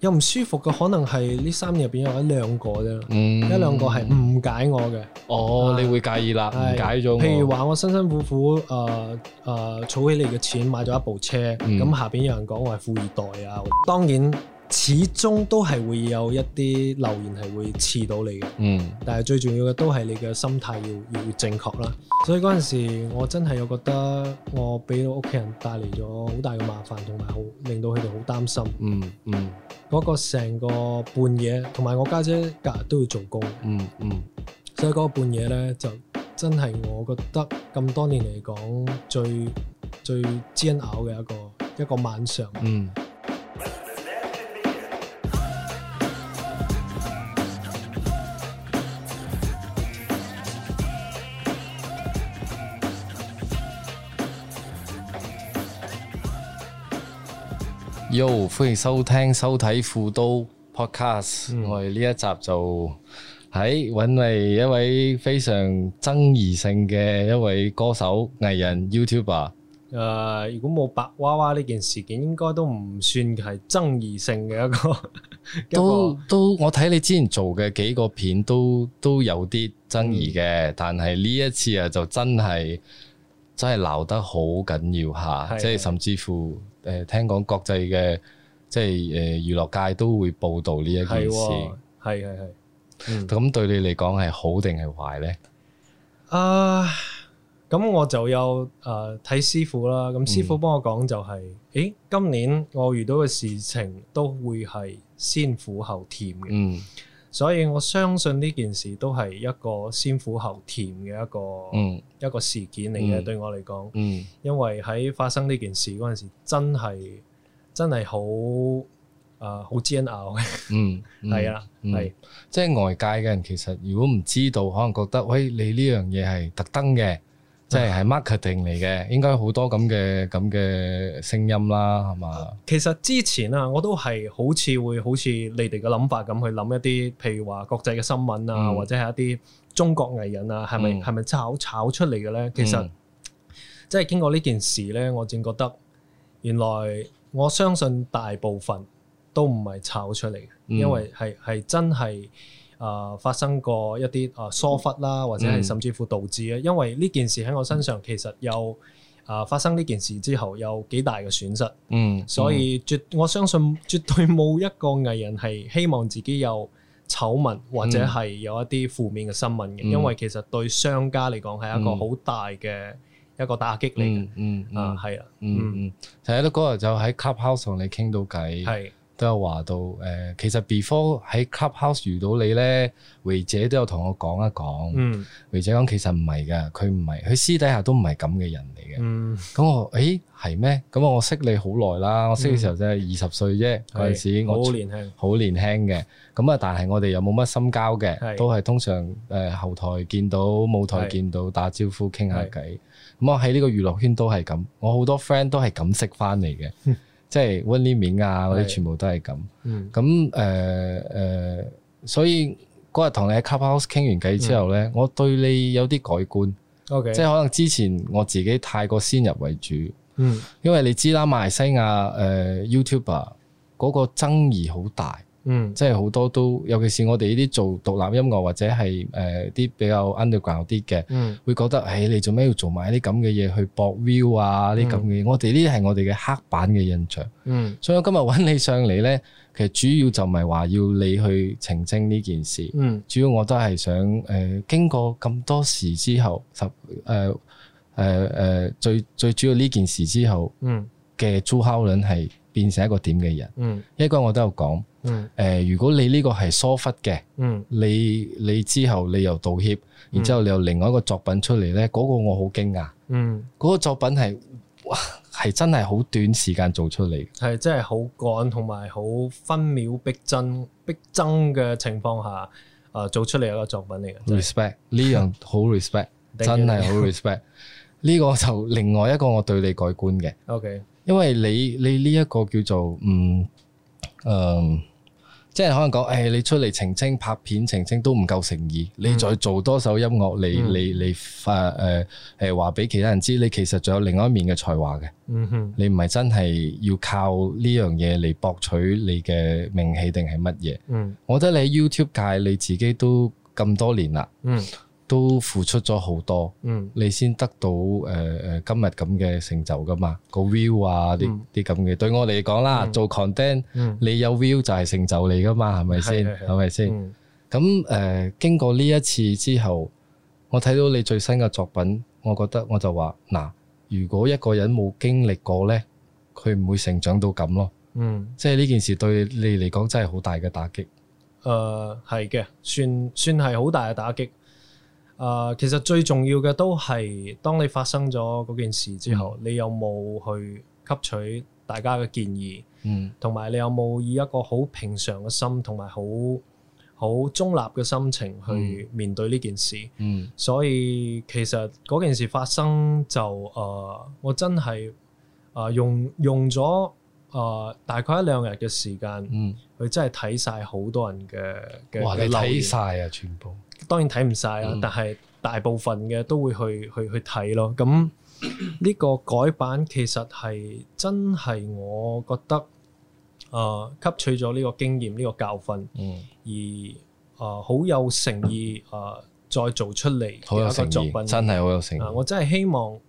有唔舒服嘅可能係呢三年入邊有一兩個啫，嗯、一兩個係誤解我嘅。哦，啊、你會介意啦，係、誤解咗。譬如話我辛辛苦苦誒誒儲起嚟嘅錢買咗一部車，咁、嗯、下邊有人講我係富二代啊，嗯、當然。始終都係會有一啲留言係會刺到你嘅，嗯，但係最重要嘅都係你嘅心態要要正確啦。所以嗰陣時我真係有覺得我俾到屋企人帶嚟咗好大嘅麻煩，同埋好令到佢哋好擔心。嗯嗯，嗰、嗯、個成個半夜，同埋我家姐隔日都要做工。嗯嗯，嗯所以嗰個半夜呢，就真係我覺得咁多年嚟講最最煎熬嘅一個一個晚上。嗯。Yo, 歡迎收聽收睇富都 Podcast，嗯、我哋呢一集就係搵嚟一位非常爭議性嘅一位歌手藝人 YouTuber。誒、呃，如果冇白娃娃呢件事件，應該都唔算係爭議性嘅一個。 一個都都，我睇你之前做嘅幾個片都都有啲爭議嘅，嗯、但係呢一次啊就真係真係鬧得好緊要吓，的即係甚至乎。誒，聽講國際嘅即係誒娛樂界都會報道呢一件事，係係係，咁、嗯、對你嚟講係好定係壞呢？啊，咁我就有誒睇、呃、師傅啦，咁師傅幫我講就係、是、誒、嗯、今年我遇到嘅事情都會係先苦後甜嘅。嗯。所以我相信呢件事都係一個先苦後甜嘅一個、嗯、一個事件嚟嘅，嗯、對我嚟講，嗯、因為喺發生呢件事嗰陣時，真係真係好啊好煎熬嘅，係、呃嗯嗯、 啊，係、嗯嗯。即係外界嘅人其實如果唔知道，可能覺得喂，你呢樣嘢係特登嘅。即係係 marketing 嚟嘅，應該好多咁嘅咁嘅聲音啦，係嘛？其實之前啊，我都係好似會好似你哋嘅諗法咁去諗一啲，譬如話國際嘅新聞啊，嗯、或者係一啲中國藝人啊，係咪係咪炒炒出嚟嘅呢？其實、嗯、即係經過呢件事呢，我正覺得原來我相信大部分都唔係炒出嚟嘅，嗯、因為係係真係。啊、呃、發生過一啲啊疏忽啦，或者係甚至乎導致嘅，嗯、因為呢件事喺我身上其實有啊、呃、發生呢件事之後有幾大嘅損失，嗯，嗯、所以絕我相信絕對冇一個藝人係希望自己有醜聞或者係有一啲負面嘅新聞嘅，嗯、因為其實對商家嚟講係一個好大嘅一個打擊嚟嘅，嗯、啊係啊，嗯，睇下咧嗰日就喺 Clubhouse 同你傾到偈，係對 是。都有話到，誒、呃，其實 before 喺 Clubhouse 遇到你呢，維姐都有同我講一講。維姐講其實唔係嘅，佢唔係，佢私底下都唔係咁嘅人嚟嘅。咁我，誒，係咩？咁我識你好耐啦，我識嘅時候真係二十歲啫，嗰陣時我好年輕，好年輕嘅。咁啊，但係我哋又冇乜深交嘅，是都係通常誒後台見到、舞台見到是打招呼、傾下偈。咁是是我喺呢個娛樂圈都係咁，我好多 friend 都係咁識翻嚟嘅。 即係 Winnie 面啊，嗰啲是全部都係咁。咁誒誒所以嗰日同你喺 Clubhouse 傾完偈之後咧，嗯、我對你有啲改觀 O.K.、嗯、即係可能之前我自己太過先入為主。嗯，因為你知啦，馬來西亞誒、呃、YouTuber 嗰個爭議好大。嗯，即係好多都，尤其是我哋呢啲做獨立音樂或者係誒啲比較 underground 啲嘅，嗯，mm. 會覺得，唉、哎，你做咩要做埋啲咁嘅嘢去博 view 啊？呢咁嘅，嘢，我哋呢啲係我哋嘅黑板嘅印象。嗯，mm. 所以我今日揾你上嚟咧，其實主要就唔係話要你去澄清呢件事。嗯，mm. 主要我都係想誒、呃、經過咁多時之後，十誒誒誒最最主要呢件事之後，嗯嘅租敲倫係變成一個點嘅人？嗯，mm. 一個我都有講。誒、嗯呃，如果你呢個係疏忽嘅，嗯、你你之後你又道歉，嗯、然之後你又另外一個作品出嚟咧，嗰、那個我好驚訝。嗯，嗰個作品係哇、係真係好短時間做出嚟，係真係好趕，同埋好分秒逼真逼真嘅情況下，誒、呃、做出嚟一個作品嚟嘅。就是、respect 呢樣好 respect， 真係好 respect。呢 個就另外一個我對你改觀嘅。ok，因為你你呢一個叫做嗯誒。嗯嗯嗯即係可能講，誒，你出嚟澄清拍片澄清都唔夠誠意，你再做多首音樂嚟嚟嚟發誒誒誒話俾其他人知，你其實仲有另外一面嘅才華嘅。嗯哼，你唔係真係要靠呢樣嘢嚟博取你嘅名氣定係乜嘢？嗯，我覺得你喺 YouTube 界你自己都咁多年啦。嗯。都付出咗好多，嗯，你先得到誒誒今日咁嘅成就噶嘛？個 view 啊，啲啲咁嘅對我嚟講啦，做 content，你有 view 就係成就嚟噶嘛？係咪先？係咪先？咁誒，經過呢一次之後，我睇到你最新嘅作品，我覺得我就話嗱，如果一個人冇經歷過咧，佢唔會成長到咁咯。嗯，即係呢件事對你嚟講真係好大嘅打擊，誒、嗯，係、呃、嘅，算算係好大嘅打擊。啊，其實最重要嘅都係，當你發生咗嗰件事之後，嗯、你有冇去吸取大家嘅建議？嗯，同埋你有冇以一個好平常嘅心，同埋好好中立嘅心情去面對呢件事？嗯，嗯所以其實嗰件事發生就啊、呃，我真係啊、呃、用用咗啊、呃、大概一兩日嘅時間，嗯，佢真係睇晒好多人嘅哇，嘩嘅留言，你睇晒啊全部。當然睇唔晒啦，嗯、但係大部分嘅都會去、嗯、去去睇咯。咁、這、呢個改版其實係真係我覺得啊、呃，吸取咗呢個經驗、呢、這個教訓，嗯，而啊好、呃、有誠意啊、呃，再做出嚟一個作品，真係好有誠意、呃。我真係希望，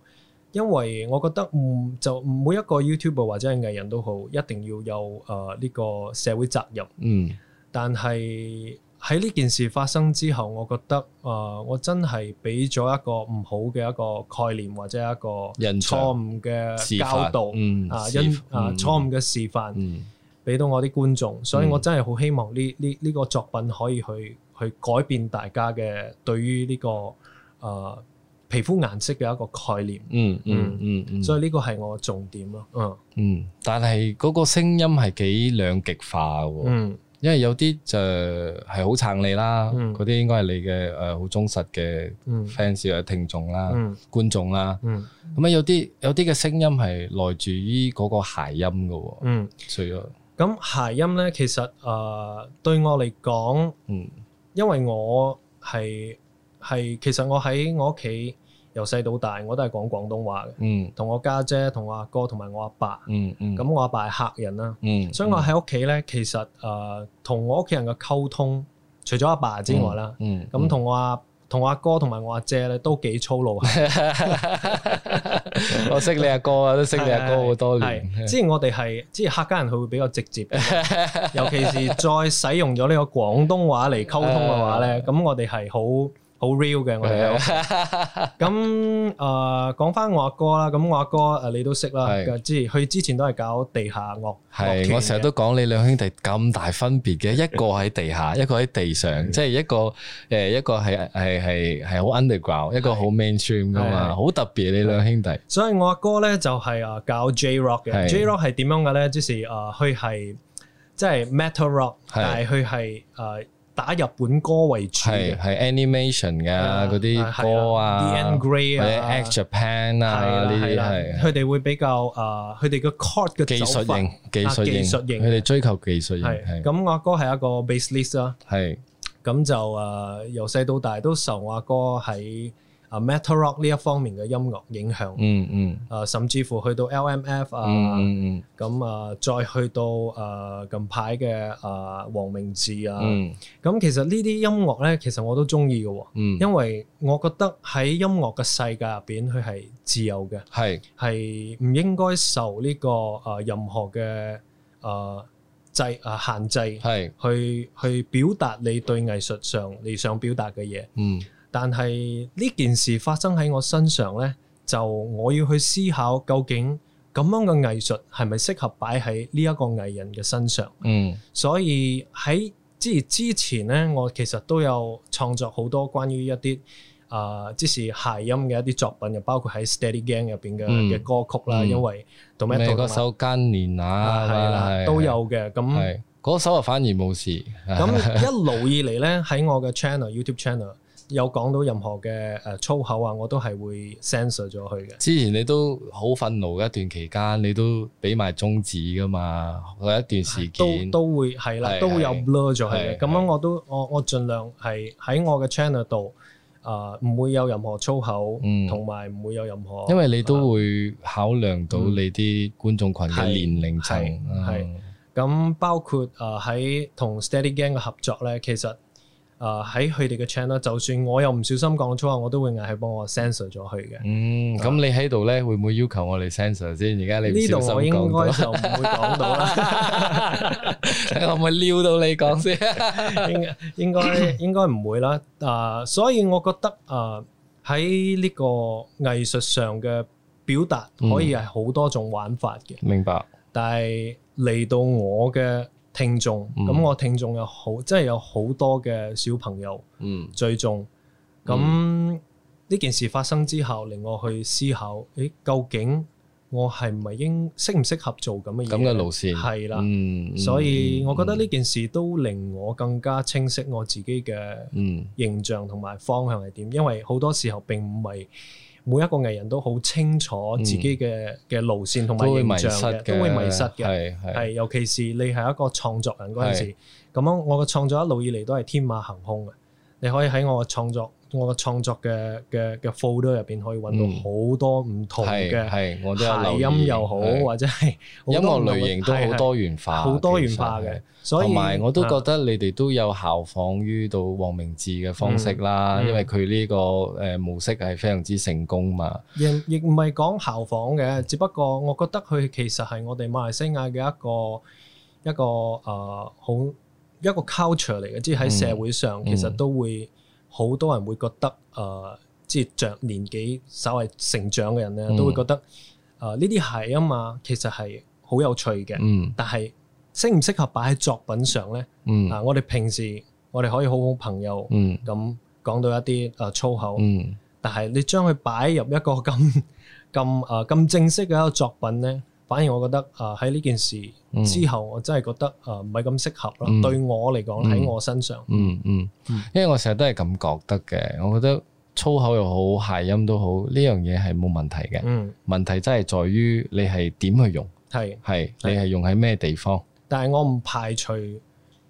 因為我覺得嗯，就每一個 YouTube 或者藝人都好，一定要有啊呢、呃這個社會責任，嗯但，但係。喺呢件事發生之後，我覺得啊、呃，我真係俾咗一個唔好嘅一個概念或者一個錯誤嘅教導啊，因啊錯誤嘅示範，俾、啊嗯、到我啲觀眾，所以我真係好希望呢呢呢個作品可以去去改變大家嘅對於呢、這個啊、呃、皮膚顏色嘅一個概念。嗯嗯嗯，嗯，所以呢個係我重點咯。嗯嗯，但係嗰個聲音係幾兩極化喎。嗯因為有啲就係好撐你啦，嗰啲、嗯、應該係你嘅誒好忠實嘅 fans 或者、嗯、聽眾啦、嗯、觀眾啦，咁啊、嗯、有啲有啲嘅聲音係來自於嗰個鞋音㗎喎。嗯，係咯以。咁、嗯、鞋音咧，其實誒、呃、對我嚟講，嗯，因為我係係其實我喺我屋企。由細到大我都係講廣東話嘅，同我家姐，姐、同我阿哥，哥、同埋我阿爸，爸。嗯嗯。咁、嗯、我阿爸係客人啦，嗯嗯、所以我喺屋企咧，其實誒同、呃、我屋企人嘅溝通，除咗阿爸，爸之外啦，咁同、嗯嗯、我阿同、嗯、我阿哥同埋我阿姐咧都幾粗魯啊。我識你阿哥啊，都識你阿哥好多年。 之前我哋係，之前客家人佢會比較直接，尤其是再使用咗呢個廣東話嚟溝通嘅話咧，咁 我哋係好。好 real 嘅我哋，咁啊講翻我阿哥啦，咁我阿哥啊你都識啦，即係佢之前都係搞地下樂，係我成日都講你兩兄弟咁大分別嘅，一個喺地下，一個喺地上，即係一個誒一個係係係係好 underground，一個好 mainstream 噶嘛，好特別你兩兄弟。所以我阿哥咧就係啊搞 J rock 嘅，J rock 係點樣嘅咧？即是啊佢係即係 metal rock，但係佢係誒。打日本歌為主，係係 animation 嘅嗰啲歌啊，啲 Dir en grey 啊，啲 X Japan 啊，呢啲係佢哋會比較啊，佢哋嘅 core 嘅走法，技術型，技術型，佢哋追求技術型。咁我阿哥係一個 bass list 啦，係咁就啊，由細到大都受我阿哥喺。啊，Metal Rock 呢一方面嘅音樂影響，嗯嗯，嗯啊，甚至乎去到 LMF 啊，嗯嗯，咁、嗯、啊，再去到啊，近排嘅啊，黃明志啊，嗯，咁、啊、其實呢啲音樂咧，其實我都中意嘅喎，嗯，因為我覺得喺音樂嘅世界入邊，佢係自由嘅，係是，係唔應該受呢、呢個啊任何嘅啊制啊限制是，係，去去表達你對藝術上你想表達嘅嘢，嗯。嗯但係呢件事發生喺我身上咧，就我要去思考究竟咁樣嘅藝術係咪適合擺喺呢一個藝人嘅身上？嗯，所以喺之之前咧，我其實都有創作好多關於一啲啊，即是諧音嘅一啲作品，又包括喺 Steady Gang 入邊嘅嘅歌曲啦。因為同咩嗰首《嘉年華》係啦，都有嘅。咁嗰首啊反而冇事。咁 一路以嚟咧，喺我嘅 channel YouTube channel。 有講到任何嘅誒粗口啊，我都係會 censor 咗佢嘅。之前你都好憤怒一段期間，你都俾埋中指㗎嘛？我一段時間都都會係啦，都會有 blur 咗。係，咁樣我都我我盡量係喺我嘅 channel 度啊，唔會有任何粗口，同埋唔會有任何。因為你都會考量到你啲觀眾群嘅年齡層，係咁，包括啊喺同 steady game 嘅合作咧，其實。啊！喺佢哋嘅 channel，就算我又唔小心講粗口，我都會嗌佢幫我 censor 咗佢嘅。嗯，咁、啊、你喺度咧，會唔會要求我哋 censor 先？而家你唔小心講到。呢度我應該就唔會講到啦。我咪撩到你講先，應應該應該唔會啦。啊、呃，所以我覺得啊，喺、呃、呢個藝術上嘅表達可以係好多種玩法嘅、嗯。明白。但係嚟到我嘅。聽眾，咁、嗯、我聽眾有好，即係有好多嘅小朋友追蹤。咁呢件事發生之後，令我去思考，誒，究竟我係唔係應適唔適合做咁嘅？咁嘅路線係啦。了嗯嗯、所以，我覺得呢件事都令我更加清晰我自己嘅形象同埋方向係點。因為好多時候並唔係。每一個藝人都好清楚自己嘅嘅路線同埋形象嘅，都會迷失嘅，係係，尤其是你係一個創作人陣時，時，咁樣我嘅創作一路以嚟都係天馬行空嘅，你可以喺我嘅創作。我嘅創作嘅嘅嘅 folder 入邊可以揾到好多唔同嘅，係、嗯、我都有留音又好或者係音樂類型都好多元化，好是多元化嘅。所以，同埋我都覺得你哋都有效仿於到黃明志嘅方式啦，嗯嗯、因為佢呢個誒模式係非常之成功嘛。亦亦唔係講效仿嘅，只不過我覺得佢其實係我哋馬來西亞嘅一個一個誒、呃、好一個 culture 嚟嘅，即係喺社會上其實都會。嗯嗯好多人會覺得，誒、呃，即係著年紀稍為成長嘅人咧，都會覺得，誒、呃，呢啲係啊嘛，其實係好有趣嘅，嗯、但係適唔適合擺喺作品上咧？嗯、啊，我哋平時我哋可以好好朋友，咁、嗯、講到一啲誒、呃、粗口，嗯、但係你將佢擺入一個咁咁誒咁正式嘅一個作品咧。反而我覺得啊，喺呢件事之後，我真係覺得啊，唔係咁適合咯。對、嗯、我嚟講，喺我身上嗯，嗯嗯，因為我成日都係咁覺得嘅。我覺得粗口又好，諧音都好，呢樣嘢係冇問題嘅。嗯，問題真係在於你係點去用，係係、嗯，係你係用喺咩地方？嗯、idades 但係我唔排除，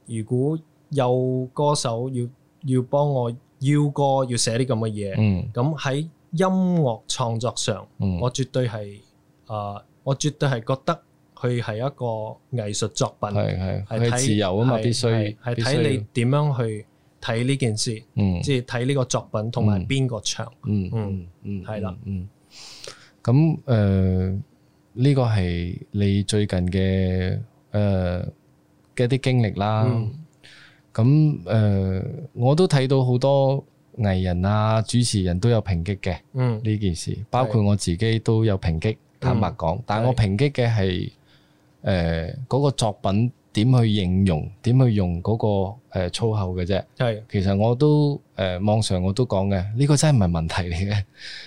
如果有歌手要要幫我要歌，要寫啲咁嘅嘢，嗯，咁喺音樂創作上，嗯、我絕對係啊。呃我絕對係覺得佢係一個藝術作品，係係，係自由啊嘛，必須係睇你點樣去睇呢件事，即係睇呢個作品同埋邊個唱，嗯嗯嗯，係啦，嗯。咁誒，呢個係你最近嘅誒嘅一啲經歷啦。咁誒，我都睇到好多藝人啊、主持人都有抨擊嘅，嗯，呢件事，包括我自己都有抨擊。坦白講，但係我抨擊嘅係誒嗰個作品點去形容，點去用嗰、那個、呃、粗口嘅啫。係，是的 其實我都誒、呃、網上我都講嘅，呢、這個真係唔係問題嚟嘅，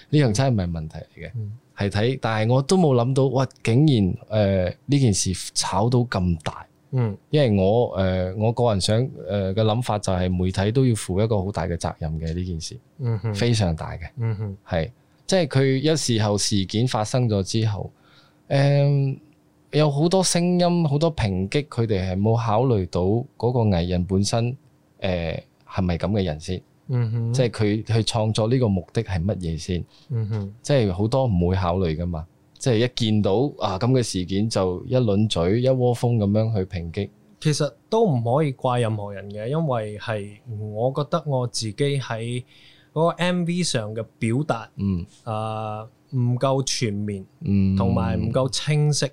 呢樣真係唔係問題嚟嘅，係睇、嗯。但係我都冇諗到，哇！竟然誒呢、呃、件事炒到咁大。嗯，因為我誒、呃、我個人想誒嘅諗法就係媒體都要負一個好大嘅責任嘅呢件事，嗯哼，非常大嘅，嗯哼，係。即係佢有時候事件發生咗之後，誒、嗯、有好多聲音、好多抨擊，佢哋係冇考慮到嗰個藝人本身誒係咪咁嘅人先？嗯哼，即係佢去創作呢個目的係乜嘢先？嗯哼，即係好多唔會考慮㗎嘛，即係一見到啊咁嘅事件就一輪嘴一窩蜂咁樣去抨擊，其實都唔可以怪任何人嘅，因為係我覺得我自己喺。嗰個 MV 上嘅表達，誒唔夠全面，同埋唔夠清晰，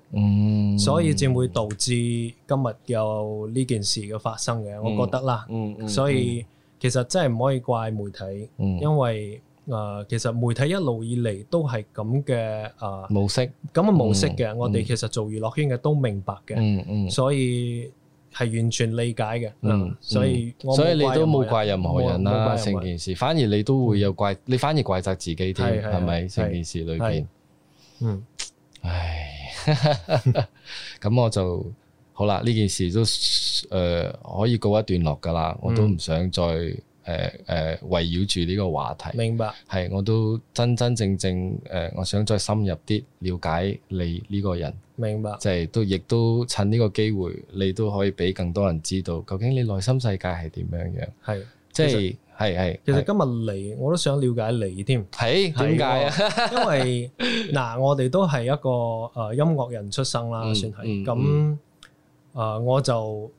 所以先會導致今日有呢件事嘅發生嘅，我覺得啦。所以其實真係唔可以怪媒體，因為誒其實媒體一路以嚟都係咁嘅誒模式，咁嘅模式嘅，我哋其實做娛樂圈嘅都明白嘅，所以。係完全理解嘅，嗯，所以所以你都冇怪任何人啦，成件事，反而你都會有怪，你反而怪責自己添，係咪？成件事裏邊，嗯，唉，咁 我就好啦，呢件事都誒、呃、可以告一段落噶啦，我都唔想再。嗯誒誒，圍繞住呢個話題，明白係，我都真真正正誒、呃，我想再深入啲了解你呢個人，明白，即係都亦都趁呢個機會，你都可以俾更多人知道，究竟你內心世界係點樣樣，係，即係係係。其實，其實今日嚟，我都想了解你添，係點解啊？因為嗱，我哋都係一個誒音樂人出生啦，算係，咁誒我就。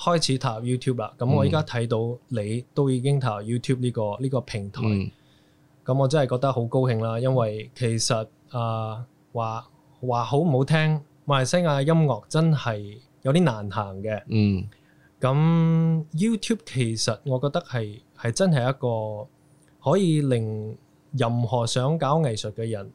開始投入 YouTube 啦，咁我依家睇到你都已經投入 YouTube 呢個呢個平台，咁我真係覺得好高興啦，因為其實啊，話話好唔好聽，馬來西亞嘅音樂真係有啲難行嘅，嗯，咁 YouTube 其實我覺得係係真係一個可以令任何想搞藝術嘅人。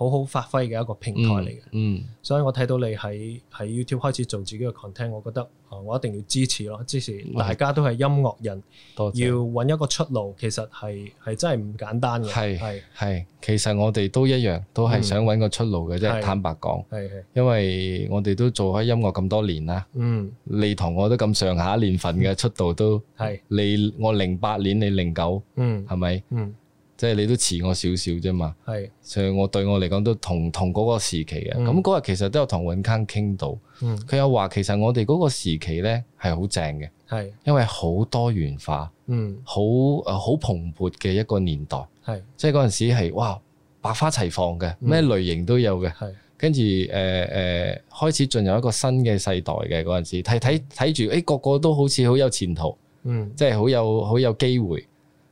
好好發揮嘅一個平台嚟嘅，所以我睇到你喺喺 YouTube 開始做自己嘅 content，我覺得啊，我一定要支持咯！支持，大家都係音樂人，要揾一個出路，其實係係真係唔簡單嘅。係係係，其實我哋都一樣，都係想揾個出路嘅，即係坦白講。係係，因為我哋都做開音樂咁多年啦。嗯，你同我都咁上下年份嘅出道都係你我零八年，你零九，嗯，係咪？嗯。即係你都遲我少少啫嘛，係是，所以我對我嚟講都同同嗰個時期嘅，咁嗰日其實都有同永坑傾到，佢、嗯、又話其實我哋嗰個時期咧係好正嘅，係是，因為好多元化，嗯，好誒好蓬勃嘅一個年代，係是，即係嗰陣時係哇百花齊放嘅，咩類型都有嘅，係、嗯，跟住誒誒開始進入一個新嘅世代嘅嗰陣時，睇睇睇住誒個個都好似好有前途，嗯，即係好有好有機會。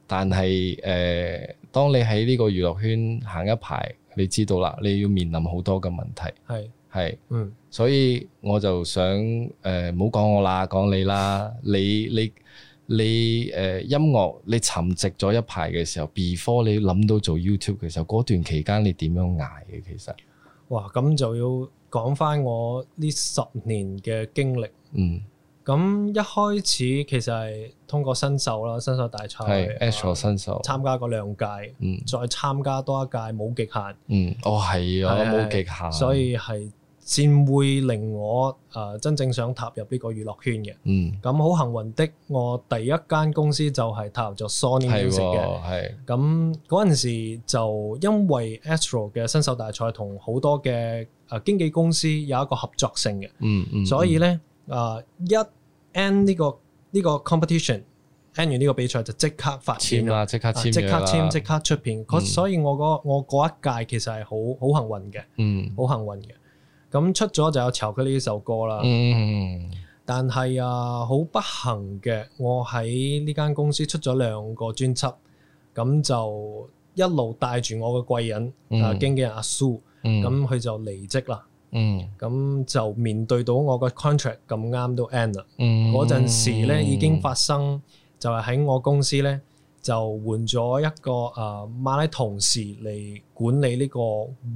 但係誒、呃，當你喺呢個娛樂圈行一排，你知道啦，你要面臨好多嘅問題。係係，嗯，所以我就想誒，唔好、呃、講我啦，講你啦，你你你誒、呃、音樂，你沉寂咗一排嘅時候 before 你諗到做 YouTube 嘅時候，嗰段期間你點樣捱嘅？其實，哇，咁就要講返我呢十年嘅經歷，嗯。咁一開始其實係通過新秀啦，新秀大賽係。Astro 新秀參加過兩屆，再參加多一屆冇極限。嗯，哦係啊，冇極限。所以係先會令我誒真正想踏入呢個娛樂圈嘅。嗯。咁好幸運的，我第一間公司就係踏入咗 Sony 公司嘅。係喎，係。咁嗰陣時就因為 Astro 嘅新秀大賽同好多嘅誒經紀公司有一個合作性嘅。嗯嗯。所以咧，誒一 end 呢個呢個 competition，end 完呢個比賽就即刻發片啦，即刻即刻簽，即刻、啊啊、出片。嗯、所以我嗰我一屆其實係好好幸運嘅，運嗯，好幸運嘅。咁出咗就有《潮》佢呢首歌啦，嗯。但係啊，好不幸嘅，我喺呢間公司出咗兩個專輯，咁就一路帶住我嘅貴人、嗯、啊經紀人阿蘇，咁佢就離職啦。嗯，咁就面對到我個 contract 咁啱都 end 啦。嗰陣、嗯、時咧已經發生，就係喺我公司咧就換咗一個誒、呃、馬拉同事嚟管理呢個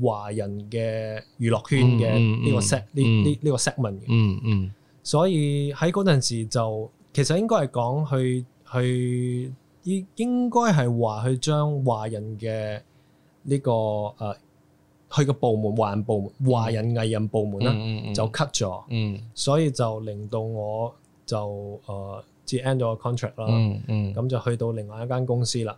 華人嘅娛樂圈嘅呢個 set 呢呢呢個 segment 嘅、嗯。嗯嗯。所以喺嗰陣時就其實應該係講去去應應該係話去將華人嘅呢、呢個誒。呃去個部門華人部門華人藝人部門啦，就 cut 咗，所以就令到我就誒至 end 咗個 contract 啦，咁就去到另外一間公司啦。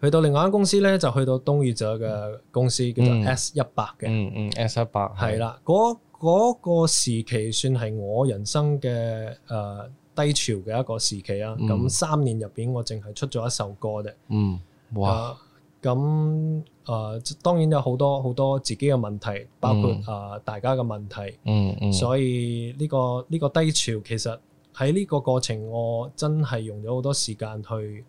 去到另外一間公司咧，就去到東雨者嘅公司，叫做 S 一百嘅，嗯嗯 S 一百，係啦，嗰嗰個時期算係我人生嘅誒低潮嘅一個時期啊。咁三年入邊，我淨係出咗一首歌嘅，嗯哇。咁誒、呃、當然有好多好多自己嘅問題，包括誒、呃、大家嘅問題。嗯嗯。嗯所以呢、呢個呢、呢個低潮其實喺呢個過程，我真係用咗好多時間去誒、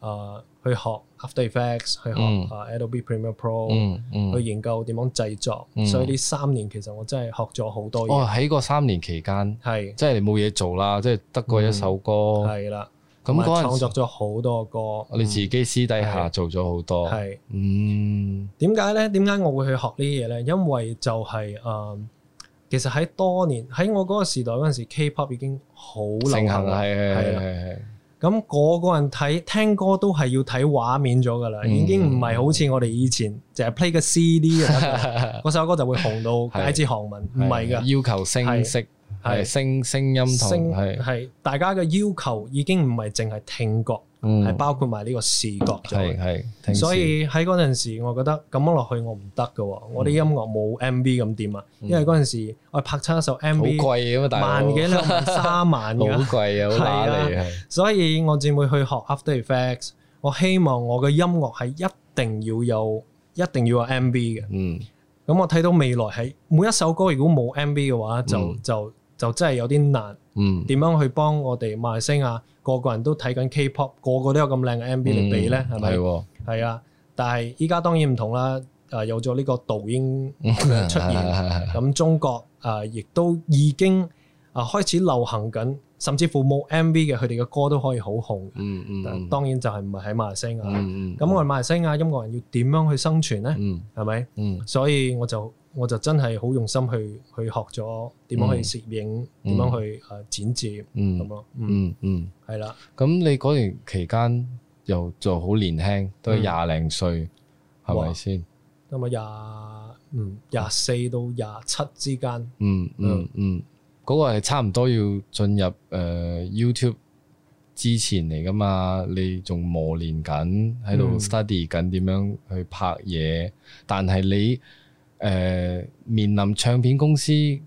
呃、去學 After Effects，去學誒 Adobe、嗯、Premiere Pro、嗯嗯、去研究點樣製作。嗯、所以呢三年其實我真係學咗好多嘢。哦，喺個三年期間係是即係你冇嘢做啦，即係、嗯、得個一首歌。係啦、嗯。咁啊！創作咗好多歌，你自己私底下做咗好多。係，嗯，點解咧？點解是、嗯、我會去學呢啲嘢咧？因為就係、是、誒、呃，其實喺多年喺我嗰個時代嗰陣時，K-pop 已經好流行啦，係係係。咁嗰的的個人睇聽歌都係要睇畫面咗㗎啦，嗯、已經唔係好似我哋以前淨係 play 個 CD 啊，嗰 首歌就會紅到解字韓文，唔係㗎，要求聲色。係聲聲音，同係係大家嘅要求已經唔係淨係聽覺，係包括埋呢個視覺。係係，所以喺嗰陣時，我覺得咁樣落去我唔得嘅，我啲音樂冇 MV 咁點啊！因為嗰陣時我拍出一首 MV，好貴嘅嘛，萬幾兩三萬，好貴啊，好打理啊。所以我只會去學 After Effects。我希望我嘅音樂係一定要有，一定要有 MV 嘅。嗯，咁我睇到未來係每一首歌如果冇 MV 嘅話，就就。就真係有啲難，點、嗯、樣去幫我哋馬來西亞個個人都睇緊 K-pop，個個都有咁靚嘅 MV 嚟比呢？係咪？係啊！但係依家當然唔同啦，誒有咗呢個抖音出現，咁中國誒亦都已經誒開始流行緊，甚至乎冇 MV 嘅佢哋嘅歌都可以好紅。嗯嗯，當然就係唔係喺馬來西亞。咁我哋馬來西亞音樂、嗯嗯、人要點樣去生存呢？嗯，係咪？嗯，嗯所以我就。我就真係好用心去去學咗點樣去攝影，點樣、嗯、去誒剪接咁咯。嗯嗯，係啦。咁你嗰段期間又做好年輕，都係廿零歲，係咪先？咁啊，廿嗯廿四到廿七之間。嗯嗯嗯，嗰、嗯嗰個係差唔多要進入誒 YouTube 之前嚟噶嘛？你仲磨練緊喺度 study 緊點樣去拍嘢，嗯、但係你。誒、呃，面臨唱片公司誒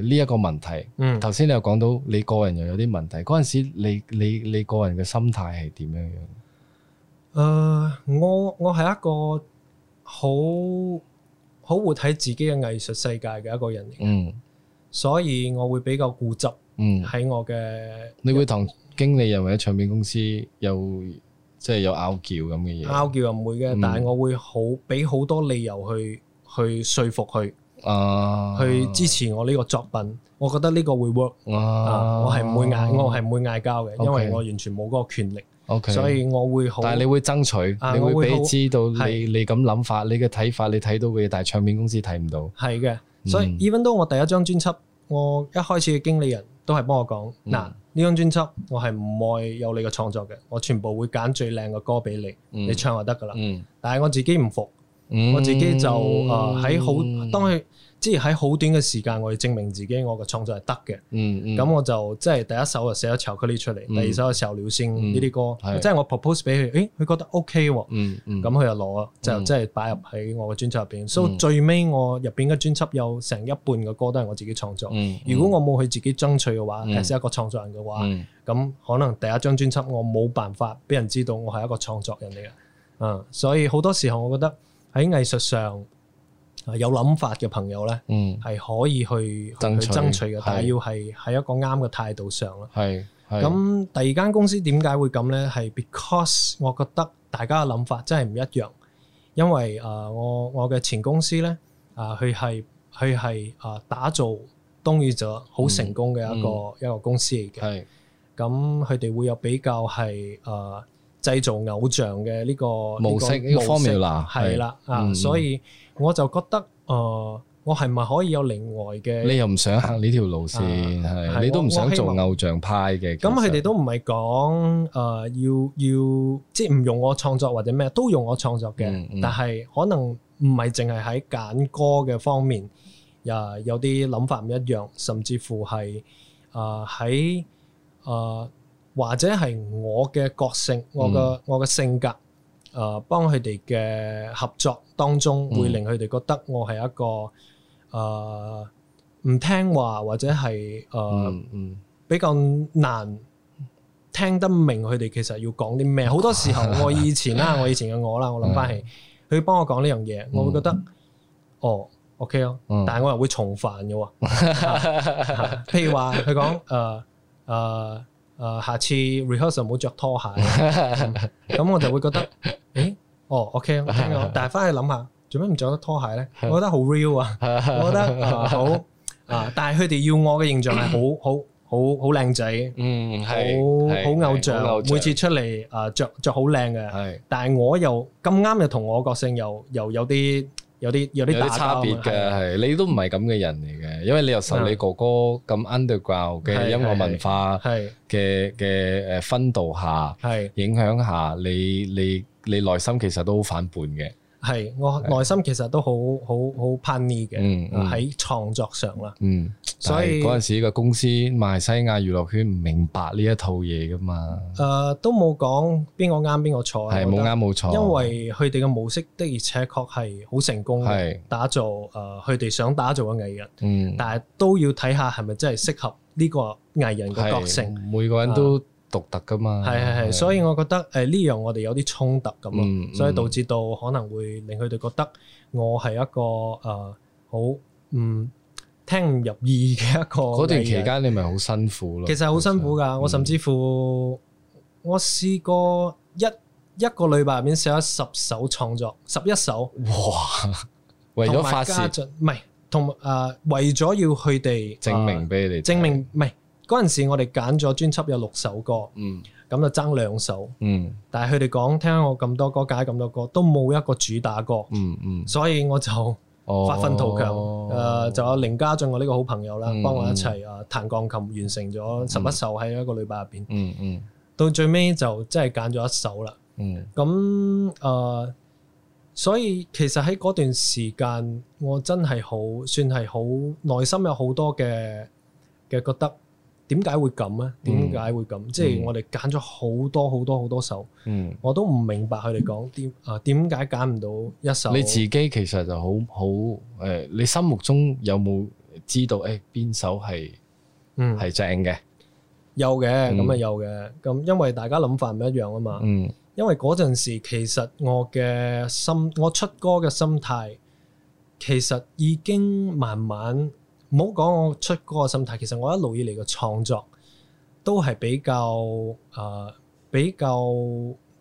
呢一個問題。嗯，頭先你又講到你個人又有啲問題，嗰陣時你你你個人嘅心態係點樣樣？誒、呃，我我係一個好好活喺自己嘅藝術世界嘅一個人。嗯，所以我會比較固執、嗯。嗯，喺我嘅，你會同經理人或者唱片公司有即係、就是、有拗撬咁嘅嘢？拗撬又唔會嘅，嗯、但係我會好俾好多理由去。去説服佢，去支持我呢個作品，我覺得呢個會 work。我係唔會嗌，我係唔會嗌交嘅，因為我完全冇嗰個權力，所以我會好。但係你會爭取，你會俾知道你你咁諗法、你嘅睇法，你睇到嘅嘢，但係唱片公司睇唔到。係嘅，所以 even 到我第一張專輯，我一開始嘅經理人都係幫我講，嗱，呢張專輯我係唔會有你嘅創作嘅，我全部會揀最靚嘅歌俾你，你唱就得㗎啦。但係我自己唔服。我自己就誒喺好，當佢即係喺好短嘅時間，我要證明自己我嘅創作係得嘅。嗯，咁我就即係第一首就寫咗巧克力出嚟，第二首嘅小鳥先。呢啲歌，即係我 propose 俾佢，誒佢覺得 OK 喎。咁佢又攞就即係擺入喺我嘅專輯入邊，所以最尾我入邊嘅專輯有成一半嘅歌都係我自己創作。如果我冇去自己爭取嘅話，係寫一個創作人嘅話，咁可能第一張專輯我冇辦法俾人知道我係一個創作人嚟嘅。所以好多時候我覺得。喺藝術上有諗法嘅朋友咧，嗯，係可以去爭取去爭取嘅，是但係要係喺一個啱嘅態度上咯。係，咁第二間公司點解會咁咧？係 because 我覺得大家嘅諗法真係唔一樣，因為誒、呃，我我嘅前公司咧，啊、呃，佢係佢係啊，打造東雨咗好成功嘅一個、嗯嗯、一個公司嚟嘅。係、嗯，咁佢哋會有比較係誒。呃製造偶像嘅呢個模式，呢個方面啦，係啦，啊，所以我就覺得，誒，我係咪可以有另外嘅？你又唔想行呢條路線，係你都唔想做偶像派嘅？咁佢哋都唔係講誒，要要即係唔用我創作或者咩，都用我創作嘅。但係可能唔係淨係喺揀歌嘅方面，又有啲諗法唔一樣，甚至乎係誒喺誒。或者係我嘅個性，我嘅、嗯、我嘅性格，誒、呃，幫佢哋嘅合作當中，會令佢哋覺得我係一個誒唔、嗯呃、聽話，或者係誒、呃嗯嗯、比較難聽得明佢哋其實要講啲咩。好多時候，我以前啦， 我以前嘅我啦，我諗翻起佢、嗯、幫我講呢樣嘢，我會覺得、嗯、哦，OK 咯、嗯，但係我又會重犯嘅喎。譬如話佢講誒誒。啊啊啊啊啊啊啊誒，下次 rehearsal 唔好著拖鞋，咁我就會覺得，誒，哦，OK，OK，但係翻去諗下，做咩唔著得拖鞋咧？我覺得好 real 啊，我覺得好啊，但係佢哋要我嘅形象係好好好好靚仔，嗯，好好偶像，每次出嚟誒著著好靚嘅，但係我又咁啱又同我個性又又有啲。有啲有啲有啲差別嘅係，你都唔係咁嘅人嚟嘅，因為你又受你哥哥咁 underground 嘅音樂文化嘅嘅誒分度下係影響下，你你你內心其實都好反叛嘅。係我內心其實都好好好叛逆嘅，喺創作上啦。所以嗰陣時個公司馬來西亞娛樂圈唔明白呢一套嘢噶嘛？誒，都冇講邊個啱邊個錯，係冇啱冇錯。因為佢哋嘅模式的而且確係好成功，係打造誒佢哋想打造嘅藝人。嗯，但係都要睇下係咪真係適合呢個藝人嘅角色。每個人都獨特噶嘛。係係係，所以我覺得誒呢樣我哋有啲衝突咁咯，所以導致到可能會令佢哋覺得我係一個誒好嗯。聽唔入耳嘅一個，嗰段期間你咪好辛苦咯。其實好辛苦噶，我甚至乎我試過一一個禮拜入面寫咗十首創作，十一首。哇！為咗發洩，唔係同誒為咗要佢哋證明俾你哋證明，唔係嗰陣時我哋揀咗專輯有六首歌，嗯，咁就爭兩首，嗯，但係佢哋講聽我咁多歌解，咁多歌，都冇一個主打歌，嗯嗯，所以我就。發奮圖強，誒、oh. 呃，就有凌家俊我呢個好朋友啦，幫、mm hmm. 我一齊誒彈鋼琴，完成咗十一、mm hmm. 一首喺一個禮拜入邊，到最尾就真係揀咗一首啦。咁、hmm. 誒、呃，所以其實喺嗰段時間，我真係好，算係好，內心有好多嘅嘅覺得。點解會咁咧？點解會咁？嗯、即係我哋揀咗好多好多好多首，嗯、我都唔明白佢哋講點啊？點解揀唔到一首？你自己其實就好好誒，你心目中有冇知道誒邊、哎、首係係、嗯、正嘅？有嘅，咁啊有嘅，咁、嗯、因為大家諗法唔一樣啊嘛。嗯、因為嗰陣時其實我嘅心，我出歌嘅心態其實已經慢慢。唔好講我出歌嘅心態，其實我一路以嚟嘅創作都係比較誒，比較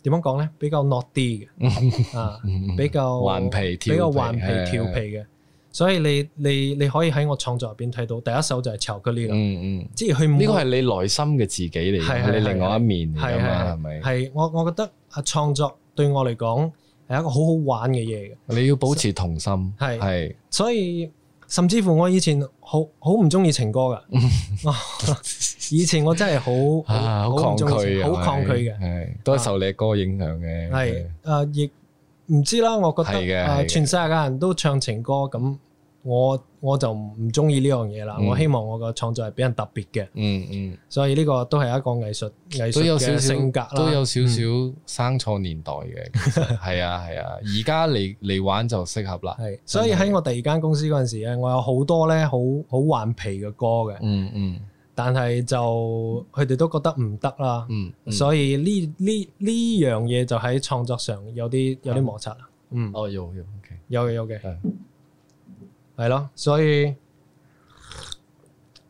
點樣講咧？比較 naughty 啲嘅啊，比較頑皮、比較頑皮調皮嘅。所以你你你可以喺我創作入邊睇到第一首就係巧克力啦。嗯嗯，即係佢呢個係你內心嘅自己嚟嘅，係你另外一面嚟噶嘛？係咪？係我我覺得啊，創作對我嚟講係一個好好玩嘅嘢嘅。你要保持童心，係係，所以。甚至乎我以前好好唔中意情歌㗎， 以前我真係 好，好、 啊、抗拒，好抗拒嘅，啊、都係受你嘅歌影響嘅。係的，誒的，亦唔知啦，我覺得，誒，全世界嘅人都唱情歌咁。我我就唔中意呢樣嘢啦，我希望我個創作係俾人特別嘅，嗯。嗯嗯，所以呢個都係一個藝術藝術嘅性格啦，都有少少，少生錯年代嘅，係啊係啊。而家嚟嚟玩就適合啦。係，所以喺我第二間公司嗰陣時咧，我有好多咧好好頑皮嘅歌嘅，嗯。嗯嗯，但係就佢哋都覺得唔得啦。嗯，所以呢呢呢樣嘢就喺創作上有啲有啲摩擦啦，嗯。嗯，哦有有嘅有嘅。有有有有有有有係咯，所以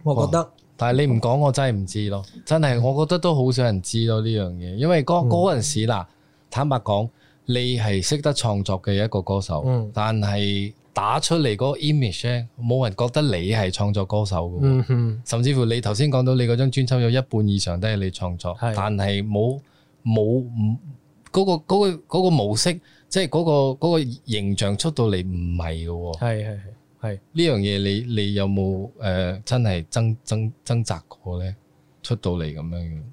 我覺得，但係你唔講，我真係唔知咯。真係，我覺得都好少人知咯呢樣嘢，因為嗰嗰陣時喇，坦白講，你係識得創作嘅一個歌手，但係打出嚟嗰個 image，冇人覺得你係創作歌手噶。甚至乎你頭先講到你嗰張專輯有一半以上都係你創作，但係冇冇唔嗰個嗰個嗰個模式，即係嗰個嗰個形象出到嚟唔係噶。係係係。係呢樣嘢，你你有冇誒、呃、真係掙掙掙扎過咧？出到嚟咁樣樣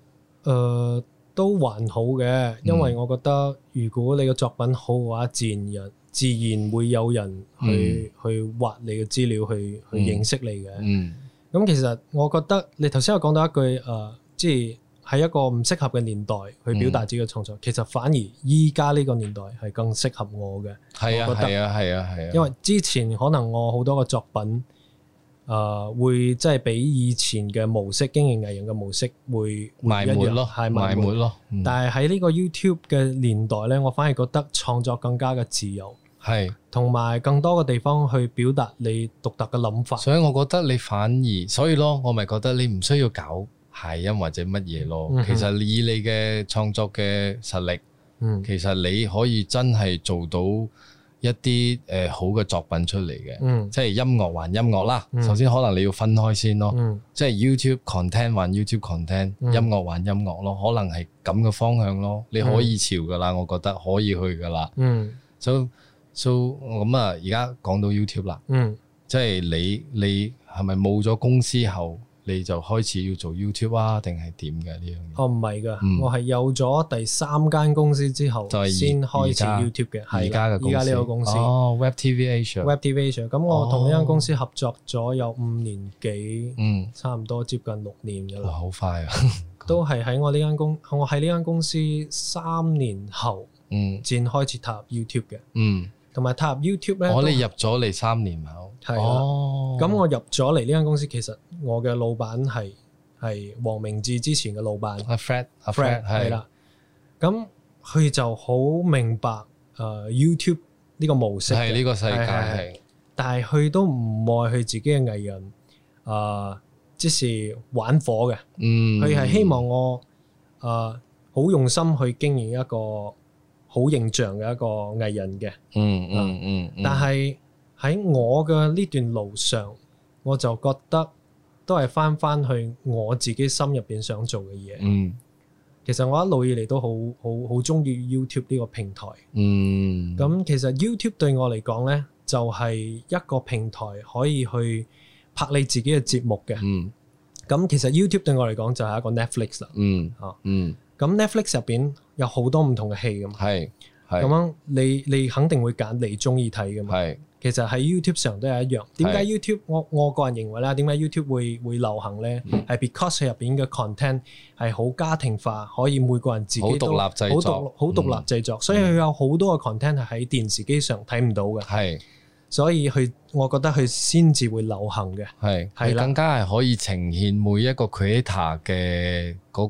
誒，都還好嘅，因為我覺得如果你個作品好嘅話，自然人自然會有人去、嗯、去，去挖你嘅資料，去去認識你嘅。咁、嗯、其實我覺得你頭先有講到一句誒、呃，即係。喺一個唔適合嘅年代去表達自己嘅創作，嗯、其實反而依家呢個年代係更適合我嘅。係啊，係啊，係啊，係啊。啊因為之前可能我好多嘅作品，誒、呃，會即係比以前嘅模式經營藝人嘅模式會埋沒咯，係埋沒咯。沒嗯、但係喺呢個 YouTube 嘅年代呢，我反而覺得創作更加嘅自由，係同埋更多嘅地方去表達你獨特嘅諗法。所以我覺得你反而，所以咯，我咪覺得你唔需要搞。係，或者乜嘢咯？其實以你嘅創作嘅實力，其實你可以真係做到一啲誒，好嘅作品出嚟嘅。即係音樂還音樂啦，首先可能你要分開先咯。即係 YouTube content 還 YouTube content，音樂還音樂咯，可能係咁嘅方向咯。你可以朝噶啦，我覺得可以去噶啦。嗯，So so 咁啊，而家講到 YouTube 啦。嗯，即係你你係咪冇咗公司後？你就開始要做 YouTube 啊？定係點嘅呢樣嘢？哦，唔係噶，我係有咗第三間公司之後，先開始 YouTube 嘅，係而家呢個公司。哦，WebTV Asia，WebTV Asia。咁我同呢間公司合作咗有五年幾，嗯，差唔多接近六年嘅啦。好快啊！都係喺我呢間公，我喺呢間公司三年後，嗯，先開始踏入 YouTube 嘅，嗯。同埋踏入 YouTube 咧，我哋入咗嚟三年後。係啊的，咁、哦、我入咗嚟呢間公司，其實我嘅老闆係係黃明志之前嘅老闆。A Fred，A Fred，係啦。咁佢的就好明白誒 YouTube 呢個模式，係呢、呢個世界係。但係佢都唔愛佢自己嘅藝人，誒、呃、即、就是玩火嘅。嗯，佢係希望我誒好、呃、用心去經營一個。好形象嘅一個藝人嘅，嗯嗯嗯，但係喺我嘅呢段路上，我就覺得都係返返去我自己心入邊想做嘅嘢。嗯，其實我一路以嚟都好好好中意 YouTube 呢個平台。嗯，咁其實 YouTube 對我嚟講呢，就係一個平台，可以去拍你自己嘅節目嘅。嗯，咁其實 YouTube 對我嚟講就係一個 Netflix 啦。嗯，哦，嗯。咁 Netflix 入邊有好多唔同嘅戲㗎嘛，係咁樣，你你肯定會揀你中意睇㗎嘛，是其實喺 YouTube 上都係一樣。點解是 YouTube 我我個人認為啦，點解 YouTube 會會流行咧？係 Because 入邊嘅 content 係好家庭化，可以每個人自己都好獨立製作，好、嗯、獨立製作，所以佢有好多嘅 content 係喺電視機上睇唔到嘅。係、嗯。嗯。所以佢，我覺得佢先至會流行嘅，係係更加係可以呈現每一個 creator 嘅嗰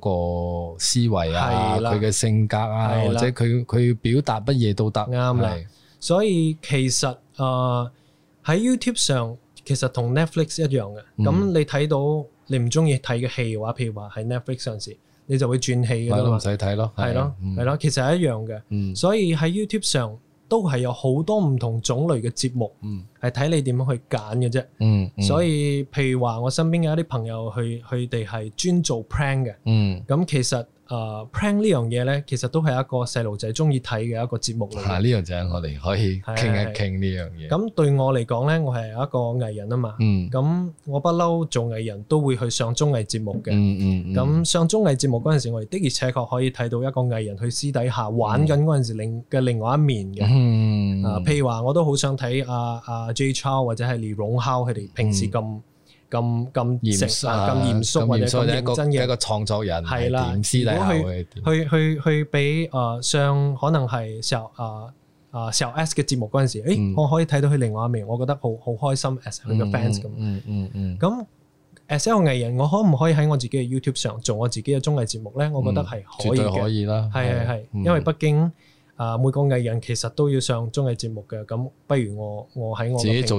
個思維啊，佢嘅性格啊，或者佢佢表達乜嘢都得啱啦。所以，uh，其實啊，喺 YouTube 上其實同 Netflix 一樣嘅，咁你睇到你唔中意睇嘅戲嘅話，譬如話喺 Netflix 嗰陣時，你就會轉戲嘅啦，唔使睇咯，係咯係咯，其實係一樣嘅。所以喺 YouTube 上。都係有好多唔同種類嘅節目，係睇、嗯、你點樣去揀嘅啫。嗯嗯、所以，譬如話，我身邊有一啲朋友，佢佢哋係專做 plan 嘅。咁、嗯、其實。誒、uh, Prank 呢樣嘢咧，其實都係一個細路仔中意睇嘅一個節目嚟。啊，呢樣就係我哋可以傾一傾呢樣嘢。咁對我嚟講咧，我係一個藝人啊嘛。嗯。咁我不嬲做藝人都會去上綜藝節目嘅、嗯。嗯咁、嗯、上綜藝節目嗰陣時，我哋的而且確可以睇到一個藝人去私底下玩緊嗰陣時另，另嘅、嗯、另外一面嘅。嗯 uh, 譬如話我都好想睇阿阿 Jay Chou 或者係李榮浩佢哋平時咁。嗯咁咁嚴啊，咁嚴肅或者真嘅一，個一個創作人，係啦的。如果去去去去俾啊上，可能係、呃、時候啊啊、哎、s 嘅節目嗰陣時，我可以睇到佢另外一面，我覺得好好開心。嗯、as 佢嘅 fans 咁、嗯，嗯嗯嗯。咁 As 一個藝人，我可唔可以喺我自己嘅 YouTube 上做我自己嘅綜藝節目咧？我覺得係可以。嗯、可以啦。係係係，因為北京。啊，每個藝人其實都要上綜藝節目嘅，咁不如我我喺我頻道上，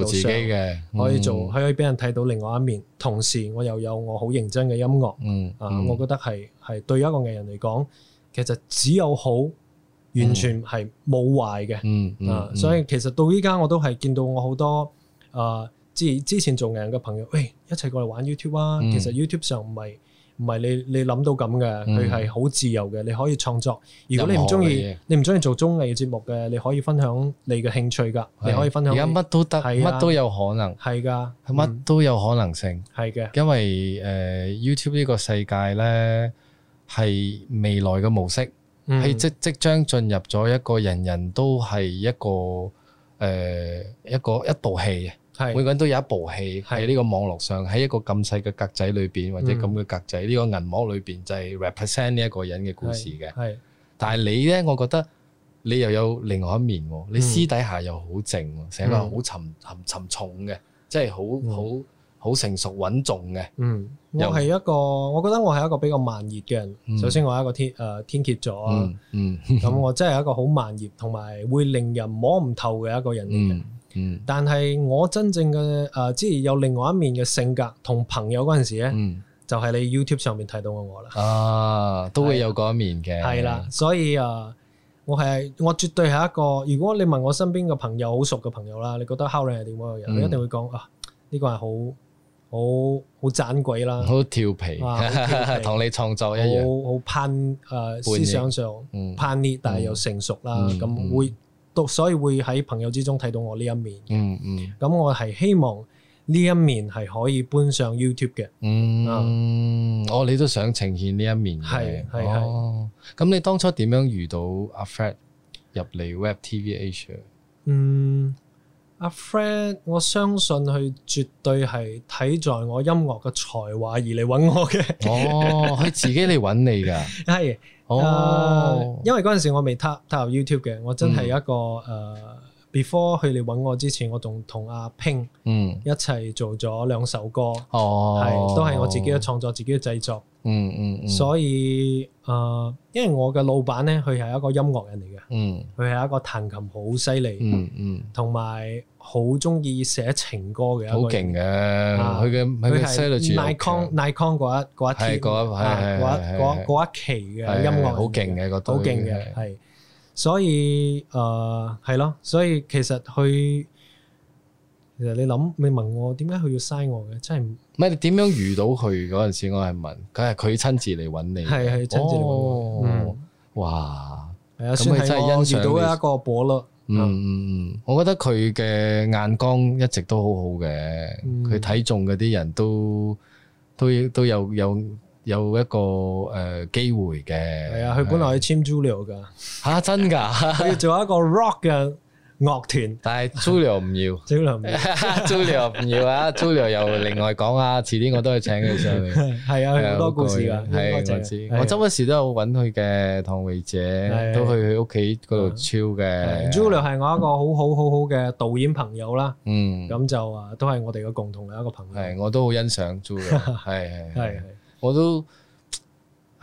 可以做、嗯、可以俾人睇到另外一面，同時我又有我好認真嘅音樂，嗯嗯、啊，我覺得係係對一個藝人嚟講，其實只有好，完全係冇壞嘅，嗯嗯嗯、啊，所以其實到依家我都係見到我好多啊，之之前做藝人嘅朋友，喂、哎，一齊過嚟玩 YouTube 啊，嗯、其實 YouTube 上唔係。唔係你你諗到咁嘅，佢係好自由嘅，你可以創作。如果你唔中意，你唔中意做綜藝節目嘅，你可以分享你嘅興趣噶，你可以分享。而家乜都得，乜都有可能。係噶，乜都有可能性。係嘅，因為誒 YouTube 呢個世界咧係未來嘅模式，係即即將進入咗一個人人都係一個誒一個一部戲。係，每個人都有一部戲喺呢個網絡上，喺一個咁細嘅格仔裏邊，或者咁嘅格仔，呢個銀幕裏邊就係 represent 呢一個人嘅故事嘅。係，但係你呢，我覺得你又有另外一面喎。你私底下又好靜，成個好沉沉沉重嘅，即係好好好成熟穩重嘅。嗯，我係一個，我覺得我係一個比較慢熱嘅人。首先我係一個天誒天蠍座啊，咁我真係一個好慢熱，同埋會令人摸唔透嘅一個人。但係我真正嘅誒，即係有另外一面嘅性格，同朋友嗰陣時呢，就係你 YouTube 上面睇到嘅我啦。啊，都會有嗰一面嘅。係啦，所以誒，我係我絕對係一個，如果你問我身邊嘅朋友好熟嘅朋友啦，你覺得 Howling 係點樣嘅人，佢一定會講啊，呢個係好好好盞鬼啦，好調皮，同你創作一樣，好攀誒思想上攀啲，但係又成熟啦，咁會。所以會喺朋友之中睇到我呢一面嘅，咁、嗯嗯、我係希望呢一面係可以搬上 YouTube 嘅。嗯，我、嗯哦、你都想呈現呢一面嘅，係係係。咁、哦、你當初點樣遇到阿 Fred 入嚟 Web TV Asia？嗯，阿 Fred，我相信佢絕對係睇在我音樂嘅才華而嚟揾我嘅。哦，佢自己嚟揾你㗎？係。 哦、呃，因為嗰陣時我未 t 踏入 YouTube 嘅，我真係一個誒。嗯呃 before 佢嚟揾我之前，我仲同阿 p i n 拼一齊做咗兩首歌，係都係我自己嘅創作，自己嘅製作。嗯嗯，所以誒，因為我嘅老闆咧，佢係一個音樂人嚟嘅，佢係一個彈琴好犀利，嗯嗯，同埋好中意寫情歌嘅。好勁嘅，佢嘅佢係尼康尼康嗰一嗰一天，嗰一嗰嗰嗰一期嘅音樂。好勁嘅嗰對，好勁嘅係。所以，誒、呃，係咯，所以其實去，其實你諗，你問我點解佢要嘥我嘅，真係唔，唔係你點樣遇到佢嗰陣時，我係問，佢係佢親自嚟揾你，係係親自嚟揾我，哇！咁佢、嗯嗯、真係欣賞遇到一個火了，嗯嗯嗯，我覺得佢嘅眼光一直都好好嘅，佢睇、嗯、中嗰啲人都，都都有有。有一個誒機會嘅，係啊，佢本來去簽 Julio 㗎吓，真㗎，佢要做一個 rock 嘅樂團，但係 Julio 唔要，Julio 唔要啊，Julio 又另外講啊，遲啲我都去請佢上嚟，係啊，佢好多故事㗎，我周不時都去揾佢嘅，唐慧姐都去佢屋企嗰度 chill 嘅，Julio 係我一個好好好好嘅導演朋友啦，嗯，咁就啊都係我哋嘅共同嘅一個朋友，係我都好欣賞 Julio，係係係。我都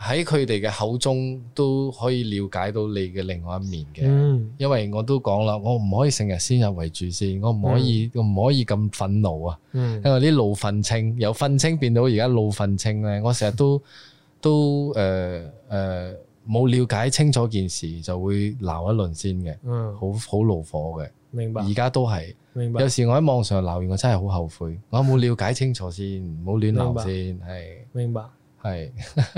喺佢哋嘅口中都可以了解到你嘅另外一面嘅，嗯、因為我都講啦，我唔可以成日先入為主先，我唔可以、嗯、我唔可以咁憤怒啊，嗯、因為啲怒憤青由憤青變到而家怒憤青咧，我成日都、嗯、都誒誒冇了解清楚件事就會鬧一輪先嘅，好好、嗯、怒火嘅，明白，而家都係。明白，有時我喺網上留言，我真係好後悔，我冇了解清楚先，冇亂留先，係明白，係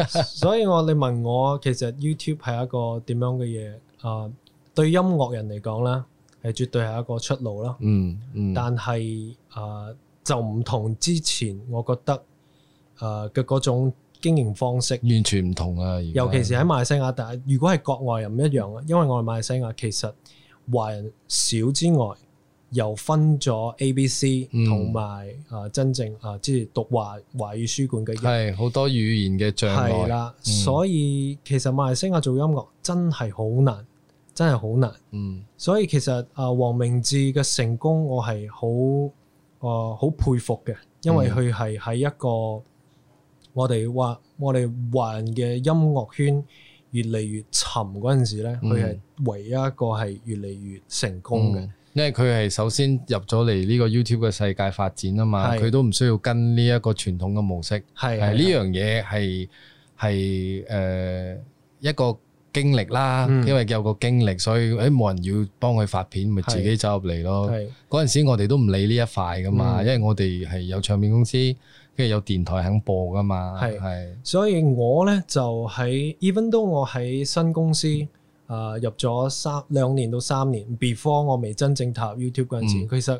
是，是 所以我你問我，其實 YouTube 係一個點樣嘅嘢？啊、呃，對音樂人嚟講咧，係絕對係一個出路咯。嗯，嗯但係啊、呃，就唔同之前，我覺得誒嘅嗰種經營方式完全唔同啊。尤其是喺馬來西亞，但係如果係國外又唔一樣啊，嗯、因為我哋馬來西亞，其實華人少之外。又分咗 A、嗯、B、C 同埋啊，真正啊，即係讀華華語書館嘅係好多語言嘅障礙，係啦。的嗯、所以其實馬來西亞做音樂真係好難，真係好難。嗯，所以其實啊，黃明志嘅成功我，我係好啊，好佩服嘅，因為佢係喺一個我哋華我哋華人嘅音樂圈越嚟越沉嗰陣時咧，佢係、嗯、唯一一個係越嚟越成功嘅。嗯嗯。因為佢係首先入咗嚟呢個 YouTube 嘅世界發展啊嘛，佢是都唔需要跟呢一個傳統嘅模式。係呢樣嘢係係誒一個經歷啦，嗯、因為有個經歷，所以誒冇人要幫佢發片，咪自己走入嚟咯。係嗰陣時，我哋都唔理呢一塊噶嘛，嗯、因為我哋係有唱片公司，跟住有電台肯播噶嘛。係係是，是所以我呢就喺 Even though，我喺新公司。啊！入咗三兩年到三年，before 我未真正踏入 YouTube 嗰陣時，其實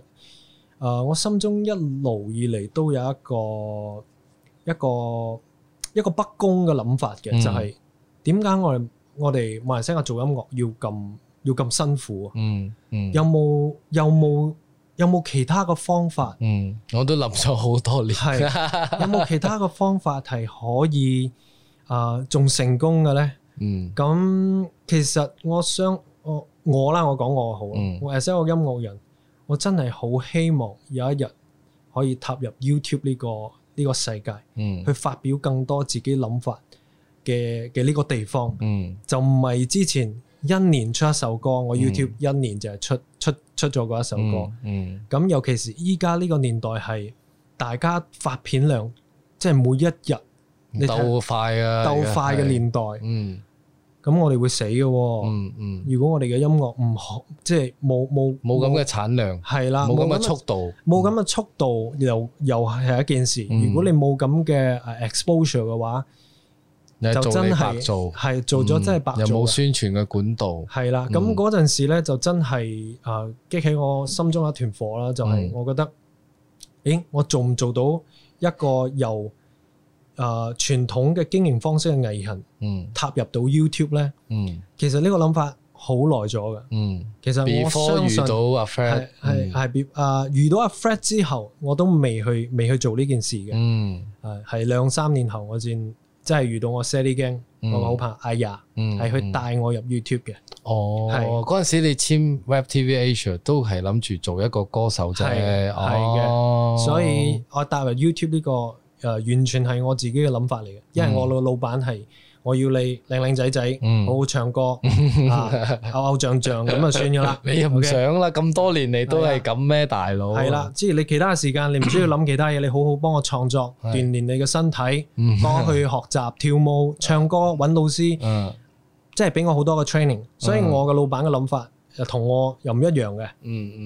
啊，我心中一路以嚟都有一個一個一個不公嘅諗法嘅，就係點解我我哋馬來西亞做音樂要咁要咁辛苦？嗯嗯，有冇有冇有冇其他嘅方法？嗯，我都諗咗好多年。係有冇其他嘅方法係可以啊仲成功嘅咧？嗯，咁其實我想我我啦，我講我好、嗯、我係一個音樂人，我真係好希望有一日可以踏入 YouTube 呢、呢個呢、呢個世界，嗯、去發表更多自己諗法嘅嘅呢個地方。嗯，就唔係之前一年出一首歌，我 YouTube、嗯、一年就係出出出咗嗰一首歌。嗯，咁、嗯、尤其是依家呢個年代係大家發片量，即係每一日。鬥快啊，鬥快嘅年代。嗯，咁我哋會死嘅。嗯嗯。如果我哋嘅音樂唔好，即係冇冇冇咁嘅產量，係啦，冇咁嘅速度，冇咁嘅速度又又係一件事。如果你冇咁嘅誒 exposure 嘅話，就真係做係做咗真係白做，又冇宣傳嘅管道。係啦，咁嗰陣時咧就真係誒激起我心中一團火啦，就係我覺得，誒我做唔做到一個由。誒傳統嘅經營方式嘅藝行，嗯，踏入到 YouTube 咧，嗯，其實呢個諗法好耐咗嘅，嗯，其實我相遇到阿 Fred，係係阿遇到阿 Fred 之後，我都未去未去做呢件事嘅，嗯，係係兩三年後我先真係遇到我 Sally Gang，我好怕。哎呀，係佢帶我入 YouTube 嘅，哦，係嗰陣時你簽 Web TV Asia 都係諗住做一個歌手仔嘅，係嘅，所以我踏入 YouTube 呢個。完全係我自己嘅諗法嚟嘅，因為我老老闆係我要你靚靚仔仔，好好唱歌，偶像像咁就算咗啦，你又唔想啦，咁多年嚟都係咁咩，大佬？係啦，即係你其他時間你唔需要諗其他嘢，你好好幫我創作，鍛煉你嘅身體，幫我去學習跳舞、唱歌，揾老師，即係俾我好多個 training。所以我嘅老闆嘅諗法同我又唔一樣嘅。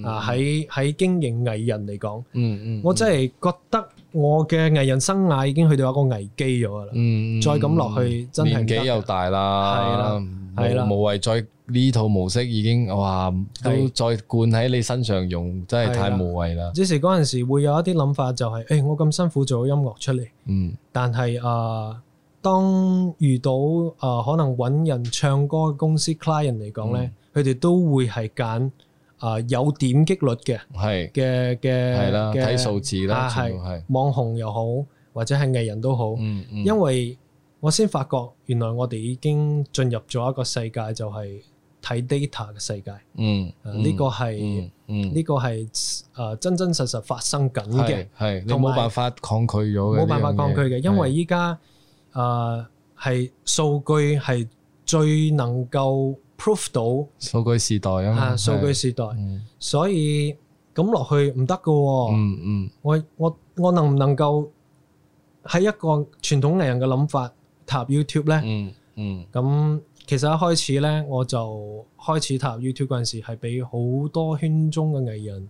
啊喺喺經營藝人嚟講，我真係覺得。我嘅藝人生涯已經去到一個危機咗噶啦，嗯、再咁落去真係年紀又大啦，係啦的，無的無謂再呢套模式已經哇都再灌喺你身上用，的真係太無謂啦！只是嗰陣時會有一啲諗法、就係，就係誒我咁辛苦做咗音樂出嚟，嗯，但係啊、呃，當遇到啊、呃、可能揾人唱歌嘅公司 client 嚟講咧，佢哋、嗯、都會係揀。啊，有點擊率嘅，係嘅嘅，係啦，睇數字啦，全部係網紅又好，或者係藝人都好，因為我先發覺原來我哋已經進入咗一個世界，就係睇 data 嘅世界。嗯，呢個係，呢個係誒真真實實發生緊嘅，係你冇辦法抗拒咗嘅，冇辦法抗拒嘅，因為依家誒係數據係最能夠。Proof 到數據時代嘛啊！數據時代，嗯、所以咁落去唔得噶喎。嗯嗯，我我我能唔能夠喺一個傳統藝人嘅諗法踏入 YouTube 咧、嗯？嗯嗯，咁其實一開始咧，我就開始踏入 YouTube 嗰陣時，係俾好多圈中嘅藝人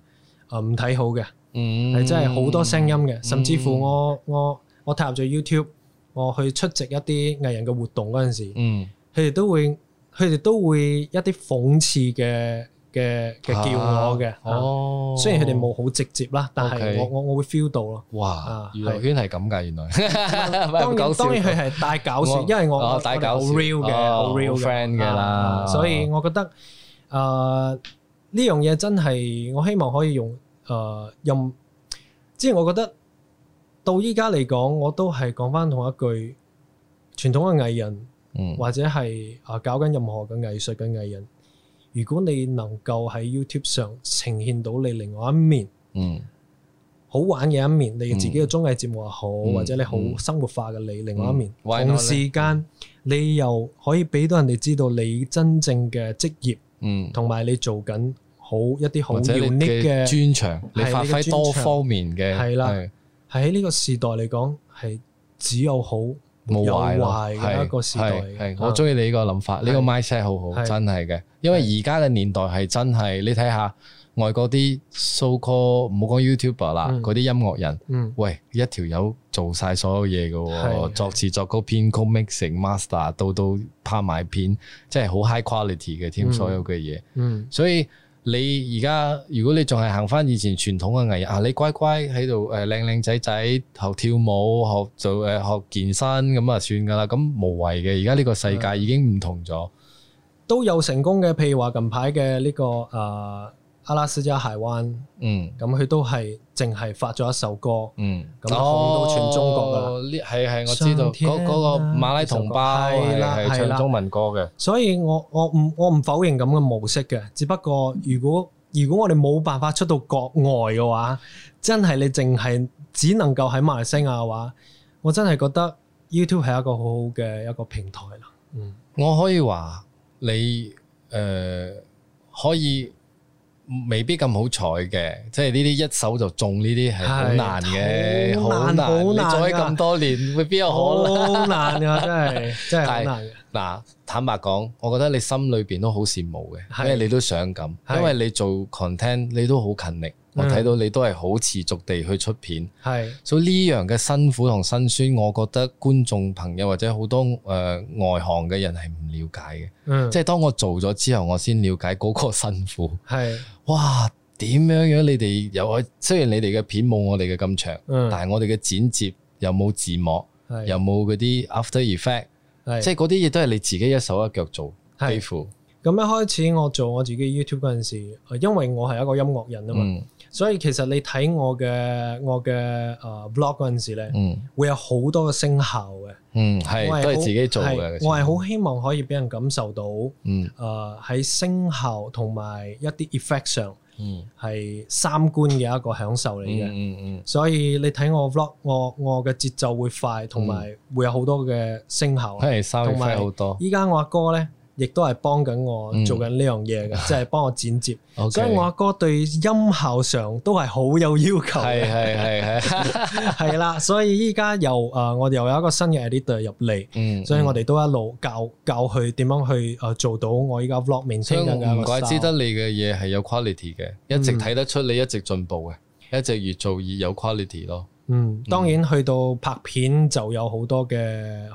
啊唔睇好嘅，係、嗯、真係好多聲音嘅。甚至乎我我我踏入咗 YouTube，我去出席一啲藝人嘅活動嗰陣時，嗯，佢哋都會。佢哋都會一啲諷刺嘅嘅嘅叫我嘅，雖然佢哋冇好直接啦，但係我我我會 feel 到咯。哇！娛樂圈係咁㗎，原來。當然當然佢係大搞笑，因為我我大搞笑 real 嘅，好 friend 嘅啦。所以我覺得，誒呢樣嘢真係我希望可以用誒用，即係我覺得到依家嚟講，我都係講翻同一句傳統嘅藝人，或者係啊搞緊任何嘅藝術嘅藝人，如果你能夠喺 YouTube 上呈現到你另外一面，嗯，好玩嘅一面，你自己嘅綜藝節目又好，嗯、或者你好生活化嘅你另外一面，嗯、同時間、嗯、你又可以俾到人哋知道你真正嘅職業，嗯，同埋你做緊好一啲好 unique 嘅專長，你發揮多方面嘅，係啦，喺呢對個時代嚟講係只有好。冇壞咯，係係，嗯、我中意你呢個諗法，呢、呢個 mindset 好好，是真係嘅。因為而家嘅年代係真係，你睇下外國啲、so、so call 唔好講 YouTuber 啦，嗰啲音樂人，嗯、喂一條友做晒所有嘢嘅喎，嗯、作詞作曲編是曲 mixing master 是到到拍埋片，真係好 high quality 嘅添，所有嘅嘢，所以、嗯。嗯嗯。你而家如果你仲係行返以前傳統嘅藝人啊，你乖乖喺度誒靚靚仔仔學跳舞學做誒、呃、學健身咁就算㗎喇，咁無謂嘅。而家呢個世界已經唔同咗、嗯，都有成功嘅，譬如話近排嘅呢個誒。呃阿拉斯加海灣，嗯，咁佢都係淨係發咗一首歌，嗯，咁後面都全中國噶啦，係係、哦、我知道嗰嗰、啊、個馬拉同胞係係唱中文歌嘅，所以我我唔我唔否認咁嘅模式嘅，只不過如果如果我哋冇辦法出到國外嘅話，真係你淨係只能夠喺馬來西亞嘅話，我真係覺得 YouTube 係一個好好嘅一個平台啦。嗯，我可以話你誒、呃、可以。未必咁好彩嘅，即係呢啲一手就中呢啲係好難嘅，好難，你做咗咁多年， 會邊有可能？好難啊！真係真係好難。嗱，坦白講，我覺得你心裏邊都好羨慕嘅，因為你都想咁，是因為你做 content 你都好勤力，我睇到你都係好持續地去出片，係、嗯，所以呢樣嘅辛苦同辛酸，我覺得觀眾朋友或者好多誒、呃、外行嘅人係唔了解嘅，嗯、即係當我做咗之後，我先了解嗰個辛苦，係、嗯，哇，點樣樣你哋又去，雖然你哋嘅片冇我哋嘅咁長，嗯、但係我哋嘅剪接又冇字幕，嗯、又冇嗰啲 after effect。是即係嗰啲嘢都係你自己一手一腳做，幾乎是。咁膚一開始我做我自己 YouTube 陣時，因為我係一個音樂人啊嘛，嗯、所以其實你睇我嘅我嘅誒 blog 陣時咧，嗯、會有好多嘅聲效嘅。嗯，係，都係自己做嘅。是是我係好希望可以俾人感受到，誒喺、嗯呃、聲效同埋一啲 effect 上。嗯，係三觀嘅一個享受嚟嘅。嗯嗯嗯、所以你睇我 vlog，我我嘅節奏會快，同埋會有好多嘅聲效，係稍微好多。而、嗯、家我阿哥咧。亦都係幫緊我做緊呢樣嘢嘅，即係幫我剪接。所以我阿哥對音效上都係好有要求。係係係係係啦，所以依家又誒，我哋又有一個新嘅 editor 入嚟。嗯，所以我哋都一路教教佢點樣去誒做到我依家 vlog 明星更加嘅。唔怪之得你嘅嘢係有 quality 嘅，一直睇得出你一直進步嘅，一直越做越有 quality 咯。嗯，當然去到拍片就有好多嘅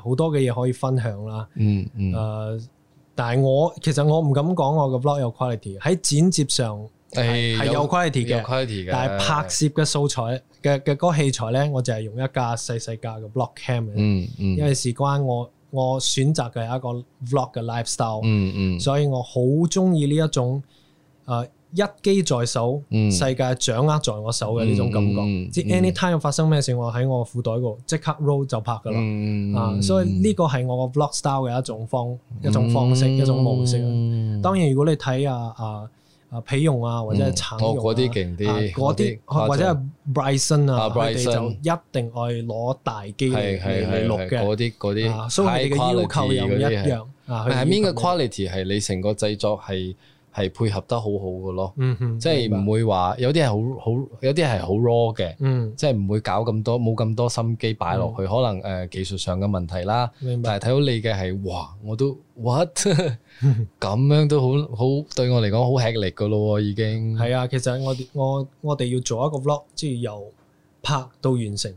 好多嘅嘢可以分享啦。嗯嗯誒。但係我其實我唔敢講我嘅 vlog 有 quality 喺剪接上係係有 quality 嘅，欸、quality 但係拍攝嘅素材嘅嘅嗰器材咧，我就係用一架細細架嘅 Vlog Cam 嘅、嗯。r a 因為事關我我選擇嘅係一個 vlog 嘅 lifestyle，、嗯嗯、所以我好中意呢一種誒。呃一機在手，世界掌握在我手嘅呢種感覺。即 anytime 發生咩事，嗎我喺我褲袋度即刻 roll 就拍㗎喇。啊，所以呢個係我個 vlog style 嘅一種方、一種方式、一種模式。當然，如果你睇啊啊啊皮用啊或者係橙，我嗰啲勁啲，啲或者係 Bryson 啊，佢就一定愛攞大機去錄嘅。啲啲，所以佢哋嘅 quality 唔一樣。I mean 嘅 quality 係你成個製作係。係配合得好好嘅咯，即係唔會話有啲係好好，有啲係好 raw 嘅，嗯、即係唔會搞咁多，冇咁多心機擺落去，嗯、可能誒、呃、技術上嘅問題啦。明白。但係睇到你嘅係，哇！我都 what 咁 樣都好好對我嚟講好吃力㗎咯，已經。係啊，其實我我我哋要做一個 vlog，即係由拍到完成，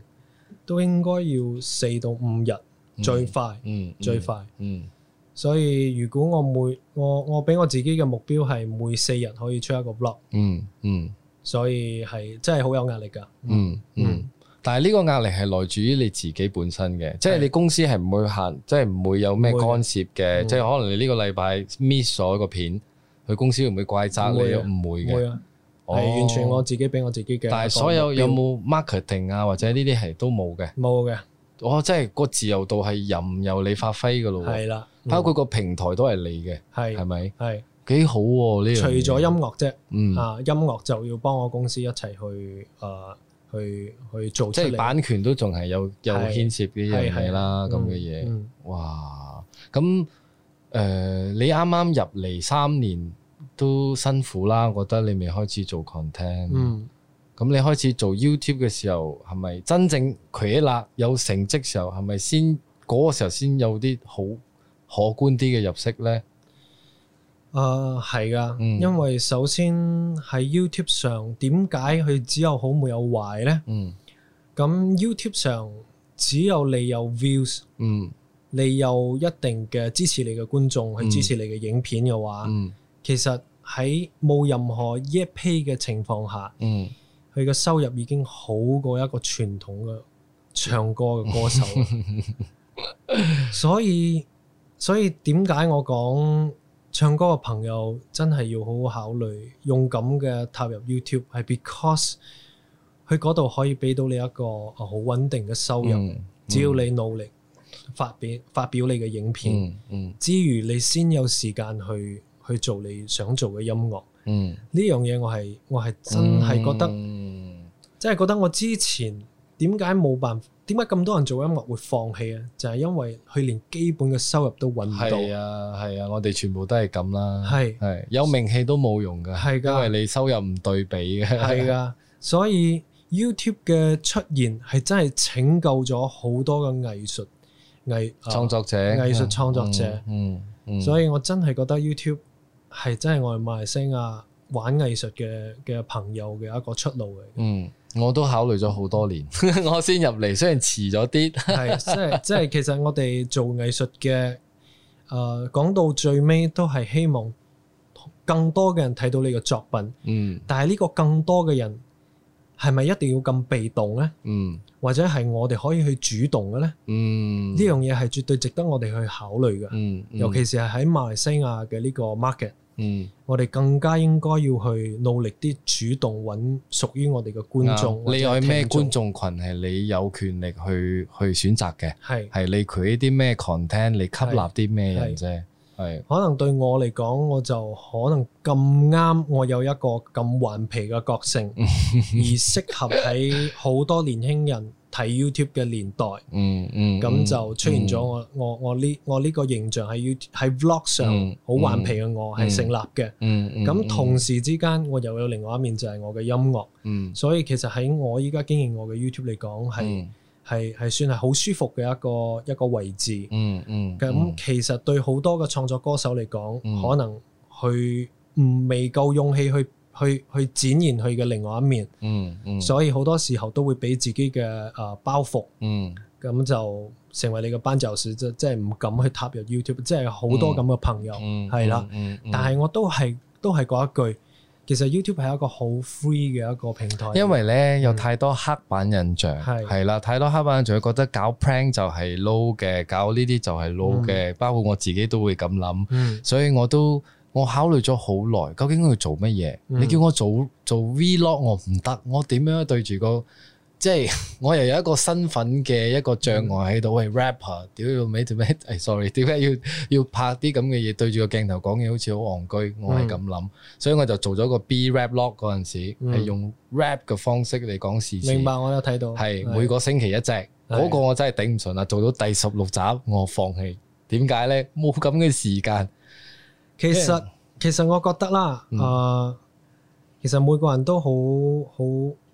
都應該要四到五日最快，最快。嗯。所以如果我每我我俾我自己嘅目標係每四日可以出一個 blog，嗯嗯，嗯所以係真係好有壓力㗎，嗯嗯,嗯。但係呢個壓力係來自於你自己本身嘅，即係你公司係唔會限，即係唔會有咩干涉嘅，嗯、即係可能你呢個禮拜 miss 咗個片，佢公司會唔會怪責你？唔會嘅，係完全我自己俾我自己嘅。但係所有有冇 marketing 啊，或者呢啲係都冇嘅，冇嘅。我真係個自由度係任由你發揮㗎咯。係啦。 包括個平台都係你嘅，係咪是？係是幾好喎呢樣？除咗音樂啫，嗯、啊音樂就要幫我公司一齊去誒、啊、去去做出嚟即係版權都仲係有有牽涉啲嘢係啦，咁嘅嘢。嗯嗯、哇！咁誒、呃，你啱啱入嚟三年都辛苦啦，我覺得你未開始做 content。嗯。咁你開始做 YouTube 嘅時候，係咪真正佢一啦？有成績時候，係咪先嗰、嗰個時候先有啲好？可觀啲嘅入息呢？誒係噶，嗯、因為首先喺 YouTube 上，點解佢只有好冇有壞呢？嗯，咁 YouTube 上只有你有 views，、嗯、你有一定嘅支持你嘅觀眾去支持你嘅影片嘅話，嗯、其實喺冇任何 e 一批嘅情況下，佢嘅、嗯、收入已經好過一個傳統嘅唱歌嘅歌手，嗯、 所以。所以點解我講唱歌嘅朋友真係要好好考慮，勇敢嘅踏入 YouTube 係 because 佢度可以俾到你一個好穩定嘅收入，嗯嗯、只要你努力發表發表你嘅影片，嗯，嗯之餘你先有時間去去做你想做嘅音樂，嗯，呢樣嘢我係我係真係覺得，即係、嗯、覺得我之前點解冇辦法。點解咁多人做音樂會放棄啊？就係、是、因為佢連基本嘅收入都揾唔到。係啊，係啊，我哋全部都係咁啦。係係是有名氣都冇用噶，係的因為你收入唔對比嘅。係噶的， 所以 YouTube 嘅出現係真係拯救咗好多嘅藝術藝創作者、藝術創作者。嗯，嗯嗯所以我真係覺得 YouTube 係真係我哋馬來西亞玩藝術嘅嘅朋友嘅一個出路嚟。嗯。我都考慮咗好多年， 我先入嚟，雖然遲咗啲。係， 即係即係，其實我哋做藝術嘅，誒，講到最尾都係希望更多嘅人睇到你嘅作品。嗯。但係呢個更多嘅人係咪一定要咁被動呢？嗯。或者係我哋可以去主動嘅呢？嗯。呢樣嘢係絕對值得我哋去考慮嘅。嗯嗯，尤其是係喺馬來西亞嘅呢個 market。嗯，我哋更加應該要去努力啲主動揾屬於我哋嘅觀眾，嗯、你有咩觀眾群係你有權利去去選擇嘅？係係是你佢啲咩 content，你吸納啲咩人啫？係可能對我嚟講，我就可能咁啱，我有一個咁頑皮嘅個性， 而適合喺好多年輕人 睇 YouTube 嘅年代，嗯嗯，咁就出現咗我我我呢我呢個形象喺 YouTube 喺 Vlog 上好頑皮嘅我係成立嘅。嗯嗯，咁同時之間我又有另外一面就係我嘅音樂，嗯，所以其實喺我依家經營我嘅 YouTube 嚟講，係係係算係好舒服嘅一個一個位置，嗯嗯，咁其實對好多嘅創作歌手嚟講，可能去未夠勇氣去。去去展現佢嘅另外一面，嗯嗯，嗯所以好多時候都會俾自己嘅，誒、呃、包袱，嗯，咁就成為你嘅班就士，即即係唔敢去踏入 YouTube，即係好多咁嘅朋友係、嗯、啦，嗯嗯嗯、但係我都係都係嗰一句，其實 YouTube 係一個好 free 嘅一個平台，因為咧有太多黑板印象係係、嗯、啦，太多黑板印象覺得搞 prank 就係 low 嘅，搞呢啲就係 low 嘅，嗯、包括我自己都會咁諗，所以我都。我考慮咗好耐，究竟我要做乜嘢？你叫我做做 Vlog 我唔得，我點樣對住個即係我又有一個身份嘅一個障礙喺度，係 rapper 屌你老味做咩？sorry，點解要要拍啲咁嘅嘢？對住個鏡頭講嘢好似好戇居，我係咁諗，所以我就做咗個 Braplog 嗰陣時，係用 rap 嘅方式嚟講事情。明白，我有睇到。係每個星期一隻，嗰個我真係頂唔順啦。做到第十六集我放棄，點解呢？冇咁嘅時間。其實其實我覺得啦，誒，其實每個人都好好，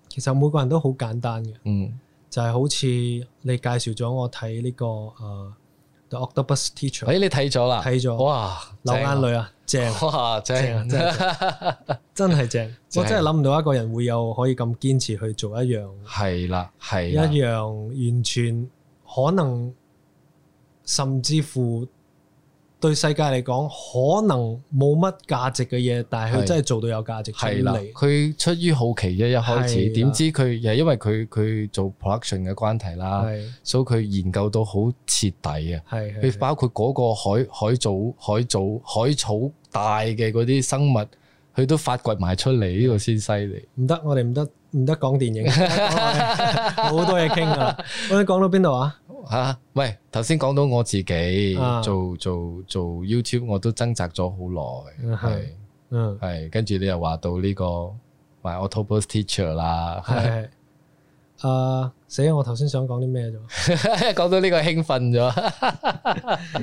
其實每個人都好簡單嘅，就係好似你介紹咗我睇呢個誒《The Octopus Teacher》。誒，你睇咗啦？睇咗？哇！流眼淚啊！正哇！正啊！真係正，我真係諗唔到一個人會有可以咁堅持去做一樣，係啦，係一樣完全可能甚至乎。對世界嚟講可能冇乜價值嘅嘢，但係佢真係做到有價值係啦，佢出於好奇啫，一開始點的知佢又因為佢佢做 production 嘅關係啦，的所以佢研究到好徹底啊！佢的包括嗰個海海藻、海藻海草大嘅嗰啲生物，佢都發掘埋出嚟呢、呢個先犀利。唔得，我哋唔得唔得講電影，好 多嘢傾噶。我哋講到邊度啊？吓、啊，喂，頭先講到我自己、啊、做做做 YouTube，我都掙扎咗好耐，係，嗯，係是、嗯，跟住你又話到呢、這個買 Autobus Teacher 啦，係，啊，死啊！我頭先想講啲咩啫？講 到呢個興奮咗，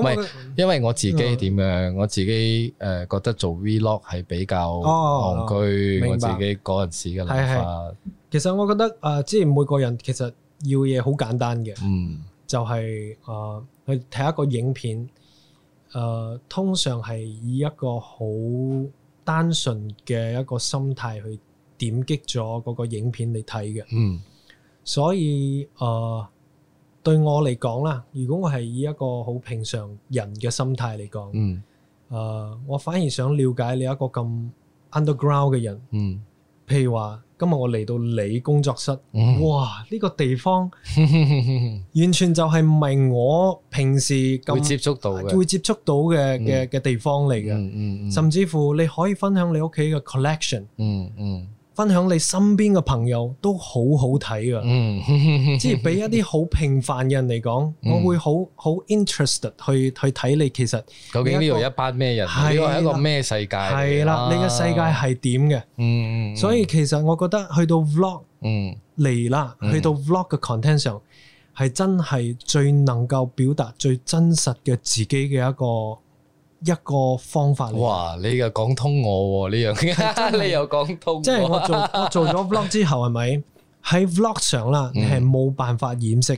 唔係、 嗯，因為我自己點樣？我自己誒覺得做 Vlog 係比較戇居，哦、我自己嗰陣時嘅諗法。其實我覺得誒，即、呃、之前每個人其實。要嘢好簡單嘅，就係誒去睇一個影片，誒通常係以一個好單純嘅一個心態去點擊咗嗰個影片嚟睇嘅。嗯，所以誒對我嚟講啦，如果我係以一個好平常人嘅心態嚟講，嗯誒，我反而想了解你一個咁 underground 嘅人，嗯，譬如話。今日我嚟到你工作室，哇！呢個地方完全就係唔係我平時會接觸到嘅，會接觸到嘅嘅嘅地方嚟嘅，嗯，甚至乎你可以分享你屋企嘅 collection。嗯嗯。分享你身邊嘅朋友都好好睇㗎，即係俾一啲好平凡嘅人嚟講， 我會好好 interested 去去睇你。其實究竟呢度一班咩人？呢個係一個咩世界？係啦的，啊、你嘅世界係點嘅？嗯，所以其實我覺得去到 vlog 嚟啦，嗯、去到 vlog 嘅 content 上係、嗯嗯、真係最能夠表達最真實嘅自己嘅一個一個方法。哇！你又講通我呢樣嘢，你又講通。即係我做我做咗 Vlog 之後，係咪喺 Vlog 上啦，你係冇辦法掩飾。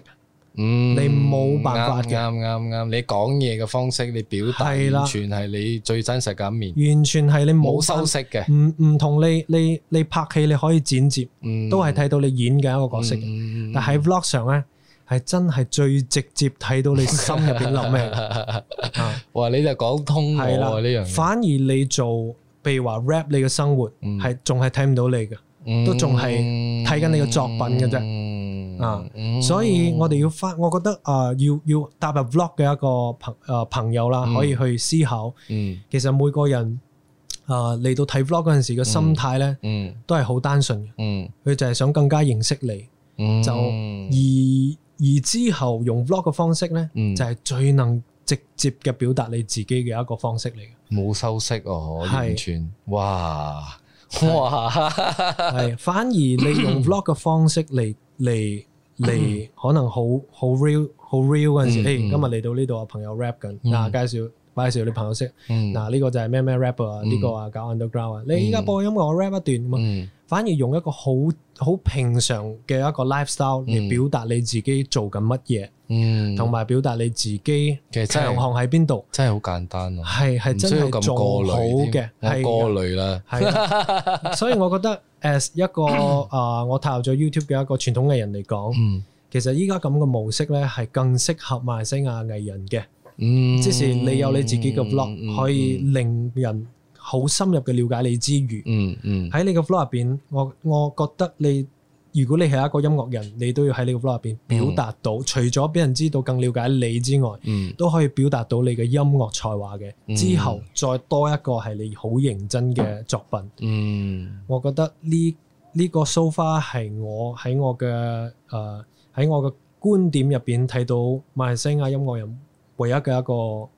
嗯，你冇辦法嘅。啱啱啱，你講嘢嘅方式，你表達完全係你最真實嘅一面。完全係你冇修飾嘅。唔唔，同你你你拍戲你可以剪接，都係睇到你演嘅一個角色。但喺 Vlog 上咧，係真係最直接睇到你心入邊諗咩？哇！你就講通我呢樣，反而你做，譬如話 rap 你嘅生活，係仲係睇唔到你嘅，都仲係睇緊你嘅作品嘅啫。啊，所以我哋要翻，我覺得啊，要要搭入 vlog 嘅一個朋啊朋友啦，可以去思考，其實每個人啊嚟到睇 vlog 嗰陣時嘅心態咧，都係好單純嘅，佢就係想更加認識你，就而。而之後用 vlog 嘅方式咧，就係最能直接嘅表達你自己嘅一個方式嚟嘅。冇修飾哦，完全。哇哇，係反而你用 vlog 嘅方式嚟嚟嚟，可能好好 real 好 real 嗰陣時，誒今日嚟到呢度啊，朋友 rap 緊，嗱介紹介紹你朋友識，嗱呢個就係咩咩 rapper 啊，呢個啊搞 underground 啊，你依家播音樂我 rap 一段嘛。反而用一個好好平常嘅一個 lifestyle 嚟表達你自己做緊乜嘢，同埋表達你自己嘅強項喺邊度，真係好簡單咯。係係真係做好嘅，我過濾啦。所以我覺得，as 一個啊，我投入咗 YouTube 嘅一個傳統藝人嚟講，其實依家咁嘅模式咧係更適合馬來西亞藝人嘅，即是你有你自己嘅 vlog 可以令人好深入嘅了解你之餘，喺、嗯嗯、你個 flow 入邊，我我覺得你如果你係一個音樂人，你都要喺你個 flow 入邊表達到，嗯、除咗俾人知道更了解你之外，嗯、都可以表達到你嘅音樂才華嘅。嗯、之後再多一個係你好認真嘅作品。嗯、我覺得呢呢、這個 so far 係我喺我嘅誒喺我嘅觀點入邊睇到馬來西亞音樂人唯一嘅一個。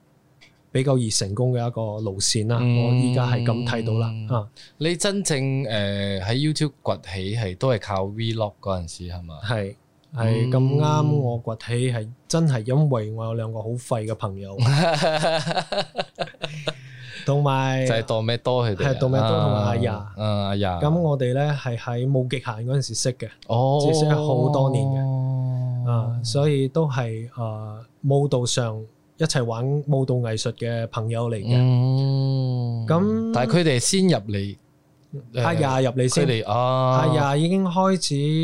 比較易成功嘅一個路線啦，我依家係咁睇到啦。啊，你真正誒喺 YouTube 崛起係都係靠 Vlog 嗰陣時係嘛？係係咁啱，我崛起係真係因為我有兩個好廢嘅朋友，同埋就係杜咩多佢哋，係杜咩多同埋阿牙，嗯阿牙。咁我哋咧係喺冇極限嗰陣時識嘅，哦，即係識咗好多年嘅，啊，所以都係啊，舞蹈上。一齊玩舞蹈藝術嘅朋友嚟嘅，咁但係佢哋係先入嚟，阿亞入嚟先，阿亞已經開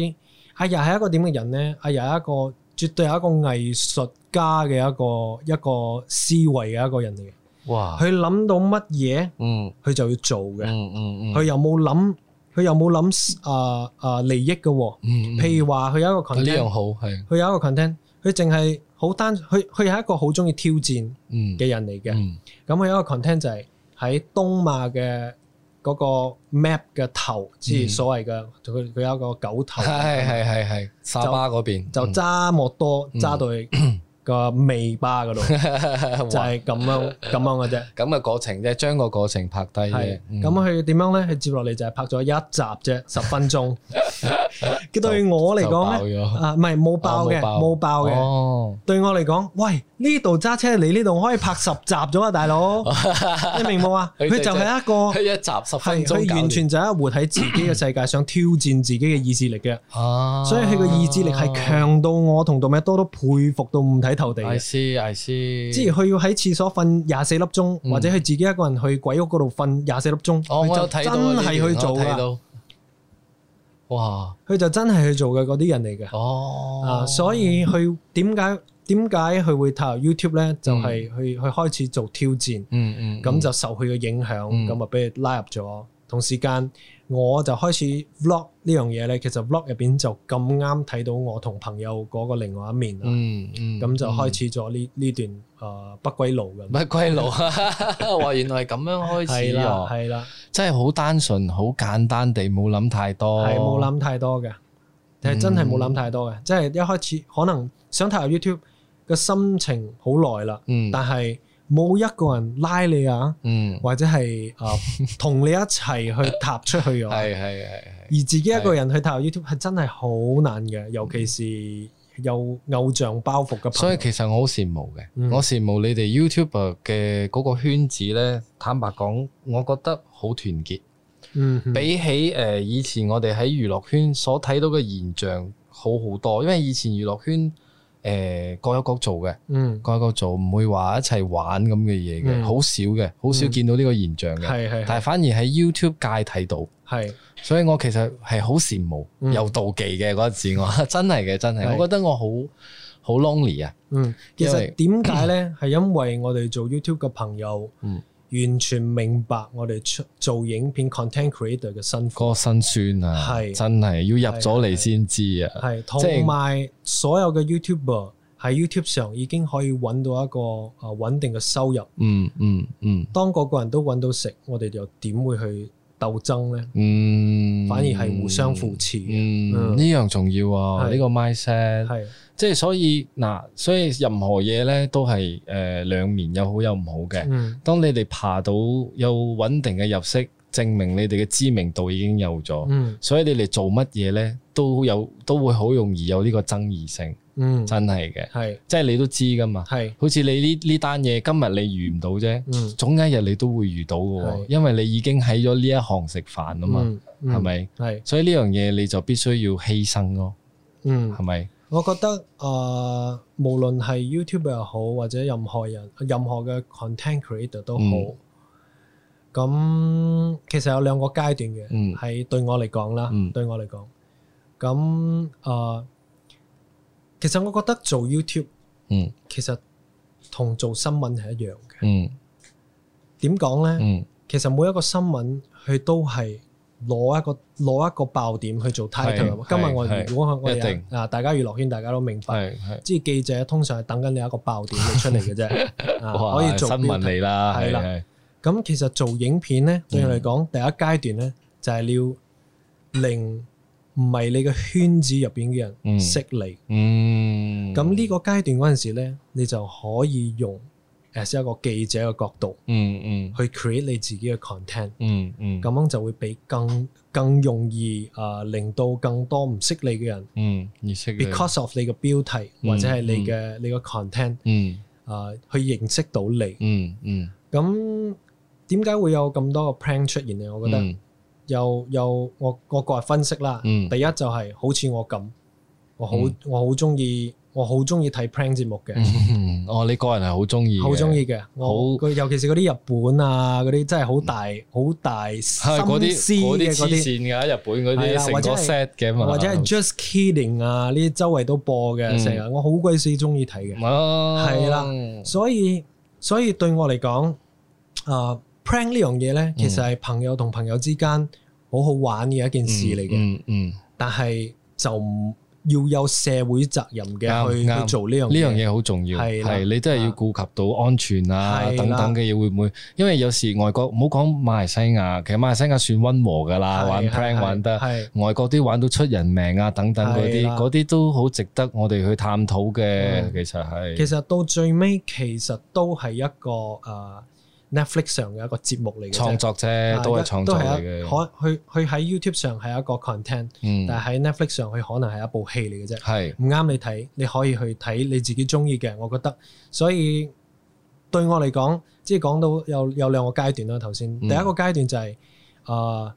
始，阿亞係一個點嘅人呢？阿亞係一個絕對係一個藝術家嘅一個一個思維嘅一個人嚟嘅，哇！佢諗到乜嘢，嗯，佢就要做嘅，嗯嗯嗯，佢又冇諗，佢又冇諗啊啊利益嘅，嗯，譬如話佢有一個 content，呢樣好係，佢有一個 content，聽佢淨係。好單，佢佢係一個好中意挑戰嘅人嚟嘅。咁佢有一個 content 就係喺東馬嘅嗰個 map 嘅頭，即係所謂嘅，佢佢有一個狗頭。係係係係，沙巴嗰邊就揸莫多揸到去個尾巴嗰度，就係咁樣咁樣嘅啫。咁嘅過程啫，將個過程拍低。係。咁佢點樣咧？佢接落嚟就係拍咗一集啫，十分鐘。佢對我嚟講咧，啊，唔係冇爆嘅，冇爆嘅。對我嚟講，喂，呢度揸車，嚟呢度可以拍十集咗啊，大佬，你明冇啊？佢就係一個一集十，佢完全就係一活喺自己嘅世界，想挑戰自己嘅意志力嘅。哦，所以佢嘅意志力係強到我同杜美多都佩服到五體投地。I see，I see。之前佢要喺廁所瞓廿四粒鐘，或者佢自己一個人去鬼屋嗰度瞓廿四粒鐘，佢就真係去做。哇！佢就真係去做嘅嗰啲人嚟嘅。哦、啊，所以佢點解，點解佢會踏入 YouTube 咧？就係去去開始做挑戰，嗯嗯，咁、嗯、就受佢嘅影響，咁啊俾佢拉入咗。同時間，我就開始 Vlog 呢樣嘢咧。其實 Vlog 入邊就咁啱睇到我同朋友嗰個另外一面，嗯嗯，咁、嗯、就開始咗呢呢段啊不歸路咁。不歸路啊！話、嗯、 原來係咁樣開始啊！係啦。 真係好單純、好簡單地冇諗太多，係冇諗太多嘅，係、嗯、真係冇諗太多嘅。即係一開始可能想踏入 YouTube 個心情好耐啦，嗯，但係冇一個人拉你啊，嗯，或者係啊同 你一齊去踏出去用。係係係，而自己一個人去踏入 YouTube 係 真係好難嘅，尤其是。有偶像包袱嘅，所以其實我好羨慕嘅，嗯、我羨慕你哋 YouTuber 嘅嗰個圈子咧。坦白講，我覺得好團結。嗯嗯，比起誒、呃、以前我哋喺娛樂圈所睇到嘅現象好好多，因為以前娛樂圈。誒，各有各做嘅，嗯，各有各做，唔會話一齊玩咁嘅嘢嘅，好、嗯、少嘅，好少見到呢個現象嘅，係係、嗯。但係反而喺 YouTube 界睇到，係，所以我其實係好羨慕又、嗯、妒忌嘅嗰個我， 真係嘅，真係。是我覺得我好好 lonely 啊，嗯，為其實點解呢？係 因為我哋做 YouTube 嘅朋友，嗯。完全明白我哋出做影片 content creator 嘅辛苦，個辛酸啊！係是真係要入咗嚟先知啊！係，同埋、就是、所有嘅 YouTuber 喺 YouTube 上已經可以揾到一個啊穩定嘅收入。嗯嗯嗯。嗯嗯當個個人都揾到食，我哋又點會去鬥爭呢？嗯，反而係互相扶持。呢、嗯嗯、樣重要啊！呢個 mindset 係。的的即係所以嗱，所以任何嘢咧都係誒兩面有好有唔好嘅。當你哋爬到有穩定嘅入息，證明你哋嘅知名度已經有咗。所以你哋做乜嘢咧，都有都會好容易有呢個爭議性。嗯，真係嘅，係即係你都知㗎嘛。係，好似你呢呢單嘢，今日你遇唔到啫，總有一日你都會遇到㗎。因為你已經喺咗呢一行食飯啊嘛，係咪？係，所以呢樣嘢你就必須要犧牲咯。嗯，係咪？我覺得啊、呃，無論係 YouTube 又好，或者任何人、任何嘅 content creator 都好，咁、嗯、其實有兩個階段嘅，係、嗯、對我嚟講啦，嗯、對我嚟講，咁啊、呃，其實我覺得做 YouTube，嗯，其實同做新聞係一樣嘅，點講、嗯、呢？嗯，其實每一個新聞佢都係。攞一個攞一個爆點去做 title，今日我哋，如果我哋啊，大家娛樂圈大家都明白，即係記者通常係等緊你一個爆點出嚟嘅啫，可以做新聞嚟啦。係啦，咁其實做影片咧，對我嚟講第一階段咧，就係你要令唔係你嘅圈子入邊嘅人識你。嗯，咁呢個階段嗰陣時咧，你就可以用。係一個記者嘅角度，嗯嗯，去 create 你自己嘅 content，嗯嗯，咁樣就會畀更更容易啊，令到更多唔識你嘅人，嗯，認識，because of 你嘅標題或者係你嘅你嘅 content，嗯啊，去認識到你，嗯嗯。咁點解會有咁多個 prank 出現呢？我覺得又又我我個人分析啦，第一就係好似我咁，我好我好中意我好中意睇 prank 節目嘅。哦，你個人係好中意，好中意嘅，好尤其是嗰啲日本啊，嗰啲真係好大好大，係嗰啲嗰啲黐線嘅，日本嗰啲 set 嘅或者係 just kidding 啊，呢啲周圍都播嘅，成日、嗯、我好鬼死中意睇嘅，係啦、嗯啊，所以所以對我嚟講，啊 prank 呢樣嘢咧，其實係朋友同朋友之間好好玩嘅一件事嚟嘅、嗯，嗯，嗯，嗯但係就唔。要有社會責任嘅去做呢樣呢樣嘢好重要，係的你真係要顧及到安全啊的等等嘅嘢會唔會？因為有時外國唔好講馬來西亞，其實馬來西亞算溫和㗎喇，的玩 plan 玩得的外國啲玩到出人命啊等等嗰啲，嗰啲的都好值得我哋去探討嘅。的嗯、其實係其實到最尾其實都係一個啊。呃 Netflix 上嘅一個節目嚟嘅啫，創作啫，都係創作可，佢佢喺 YouTube 上係一個 content，嗯，但喺 Netflix 上佢可能係一部戲嚟嘅啫。係，唔啱你睇，你可以去睇你自己中意嘅。我覺得，所以對我嚟講，即係講到有有兩個階段啦。頭先第一個階段就係，嗯，啊，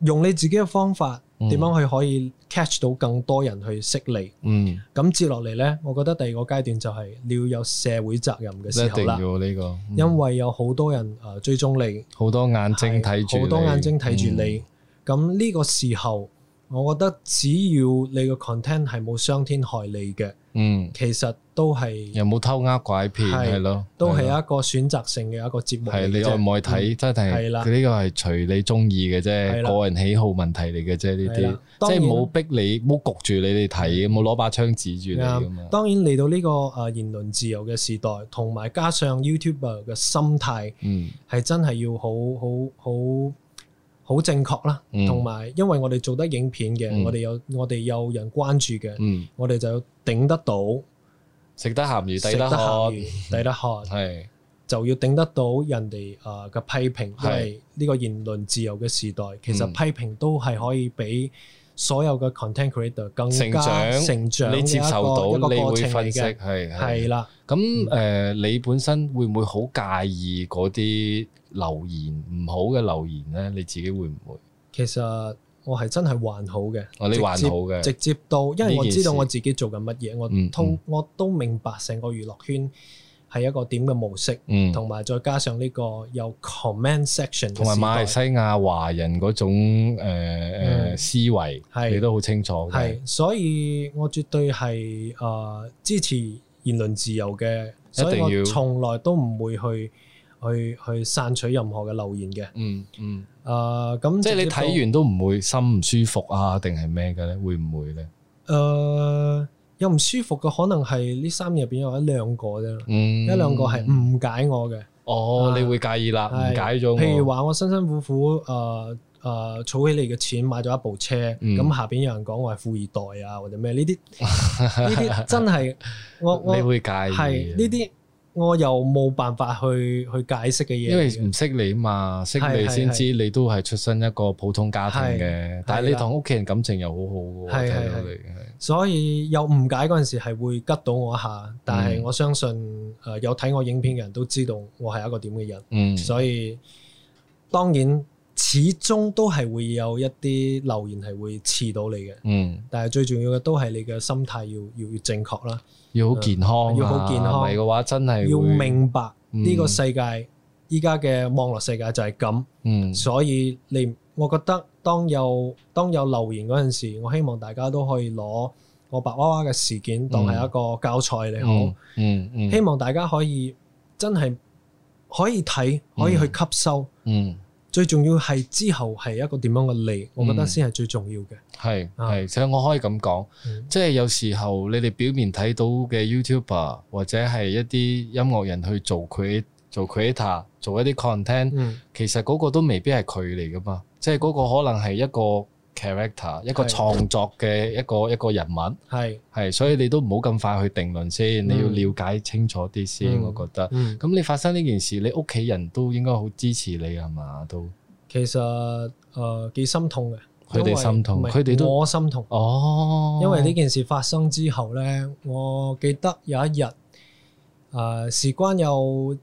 用你自己嘅方法。點樣去可以 catch 到更多人去識你？嗯，咁接落嚟咧，我覺得第二個階段就係你要有社會責任嘅時候啦。一定要呢個，嗯、因為有好多人啊追蹤你，好多眼睛睇住，好多眼睛睇住你。咁呢、嗯、個時候。我覺得只要你個 content 係冇傷天害理嘅，嗯，其實都係又冇偷呃拐騙係咯，都係一個選擇性嘅一個節目。係你愛唔愛睇，真係佢呢個係隨你中意嘅啫，個人喜好問題嚟嘅啫。呢啲即係冇逼你，冇焗住你哋睇，冇攞把槍指住你咁樣。當然嚟到呢個誒言論自由嘅時代，同埋加上 YouTuber 嘅心態，嗯，係真係要好好好。好正確啦，同埋、嗯、因為我哋做得影片嘅、嗯，我哋有我哋有人關注嘅，嗯、我哋就頂得到。食得鹹魚，抵得渴。係 就要頂得到人哋誒嘅批評，的因為呢個言論自由嘅時代，其實批評都係可以俾。所有嘅 content creator 更加成長，成長，你接受到，你會分析係係啦。咁誒的、嗯呃，你本身會唔會好介意嗰啲留言唔好嘅留言咧？你自己會唔會？其實我係真係還好嘅，我、啊、你還好嘅，直接，好直接到，因為我知道我自己做緊乜嘢，我通都、嗯嗯、我都明白成個娛樂圈。係一個點嘅模式，同埋再加上呢個有 comment section，同埋馬來西亞華人嗰種誒誒思維，你都好清楚。係，所以我絕對係誒支持言論自由嘅，所以我從來都唔會去去去散取任何嘅留言嘅。嗯嗯。誒咁，即係你睇完都唔會心唔舒服啊？定係咩嘅咧？會唔會咧？誒。又唔舒服嘅可能係呢三日入邊有一兩個啫，嗯、一兩個係誤解我嘅。哦，你會介意啦，啊、係誤解咗我。譬如話我辛辛苦苦誒誒、呃呃、儲起嚟嘅錢買咗一部車，咁、嗯、下邊有人講我係富二代啊，或者咩呢啲呢啲真係 我我係呢啲。我又冇辦法去去解釋嘅嘢，因為唔識你嘛，對識你先知你都係出身一個普通家庭嘅，對但係你同屋企人感情又好好嘅，睇到你係對。所以有誤解嗰陣時係會急到我一下，但係我相信誒有睇我影片嘅人都知道我係一個點嘅人，嗯對，所以當然始終都係會有一啲留言係會刺到你嘅，對嗯，但係最重要嘅都係你嘅心態要要要正確啦。要好健康，嗯、要好健康，嘅話真係要明白呢個世界依家嘅網絡世界就係咁，嗯、所以你我覺得當有當有留言嗰陣時，我希望大家都可以攞我白娃娃嘅事件當係一個教材，嚟，嗯、好，嗯嗯，嗯嗯希望大家可以真係可以睇，可以去吸收，嗯。嗯嗯最重要係之後係一個點樣嘅利，嗯、我覺得先係最重要嘅。係係，所以我可以咁講，嗯、即係有時候你哋表面睇到嘅 YouTuber 或者係一啲音樂人去做佢做 creator 做一啲 content，嗯、其實嗰個都未必係佢嚟㗎嘛，即係嗰個可能係一個。character 一個創作嘅一個是一個人物，係係是，所以你都唔好咁快去定論先，嗯、你要了解清楚啲先，我覺得。咁、嗯、你發生呢件事，你屋企人都應該好支持你吖嘛？都其實誒幾、呃、心痛嘅，佢哋心痛，佢哋都我心痛哦。因為呢件事發生之後呢，我記得有一日誒事關又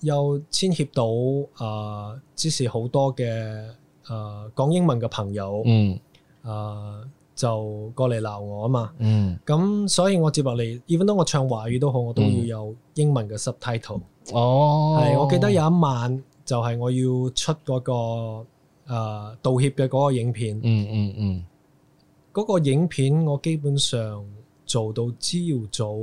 又牽涉到誒支持好多嘅。誒、uh, 講英文嘅朋友，誒、嗯 uh, 就過嚟鬧我啊嘛，咁、嗯、所以我接落嚟，even 當我唱華語都好，我都要有英文嘅 subtitle。哦、嗯，係，我記得有一晚就係我要出嗰、那個、呃、道歉嘅嗰個影片，嗯嗯嗯，嗰、嗯嗯、個影片我基本上做到朝早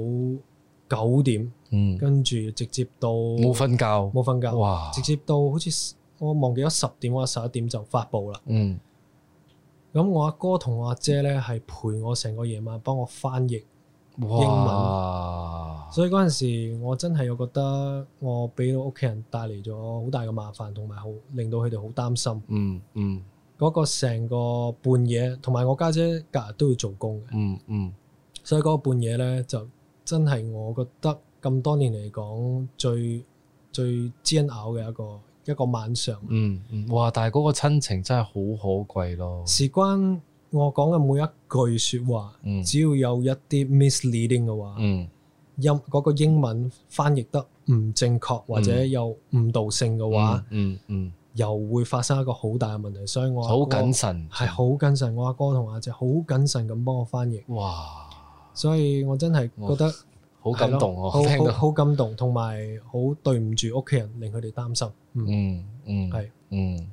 九點，嗯、跟住直接到冇瞓覺，冇瞓覺，哇，直接到好似。我忘記咗十點或者十一點就發布啦。嗯，咁我阿哥同我阿姐呢，係陪我成個夜晚，幫我翻譯英文。哇所以嗰陣時，我真係我覺得我俾到屋企人帶嚟咗好大嘅麻煩，同埋好令到佢哋好擔心。嗯嗯，嗰、嗯、個成個半夜，同埋我家姐隔日都要做工嘅。嗯嗯，所以嗰個半夜呢，就真係我覺得咁多年嚟講最最煎熬嘅一個一個晚上，嗯嗯，哇！但係嗰個親情真係好可貴咯。事關我講嘅每一句說話，嗯、只要有一啲 misleading 嘅話，音嗰、嗯、個英文翻譯得唔正確，或者有誤導性嘅話，嗯嗯，嗯嗯又會發生一個好大嘅問題。所以我好謹慎，係好謹慎。我阿哥同阿姐好謹慎咁幫我翻譯。哇！所以我真係覺得。好感動哦的，好感動，同埋好對唔住屋企人，令佢哋擔心。嗯嗯，係嗯，是嗯，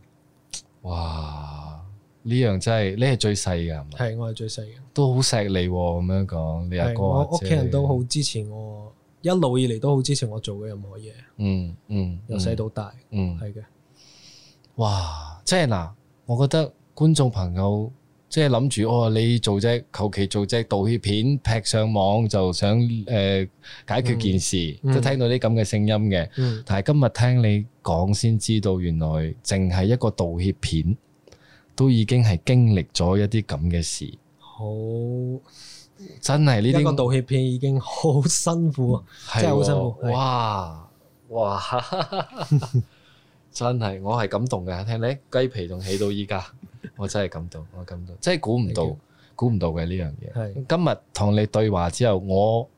哇！呢樣真係，你係最細㗎係，我係最細嘅，都好錫你咁、哦、樣講。你阿的哥，哥我屋企人都好支持我，一路以嚟都好支持我做嘅任何嘢、嗯。嗯嗯，由細到大，嗯係嘅。嗯、的哇！即係嗱，我覺得觀眾朋友。即係諗住，哦，你做隻求其做隻道歉片，劈上網就想誒解決件事。都聽到啲咁嘅聲音嘅，但係今日聽你講先知道，原來淨係一個道歉片都已經係經歷咗一啲咁嘅事。好真係呢啲一個道歉片已經好辛苦，真係好辛苦。哇哇，真係我係感動嘅，聽你雞皮仲起到依家。我真係感到，我感到，真係估唔到，估唔到嘅呢樣嘢。是今日同你對話之後，我誒、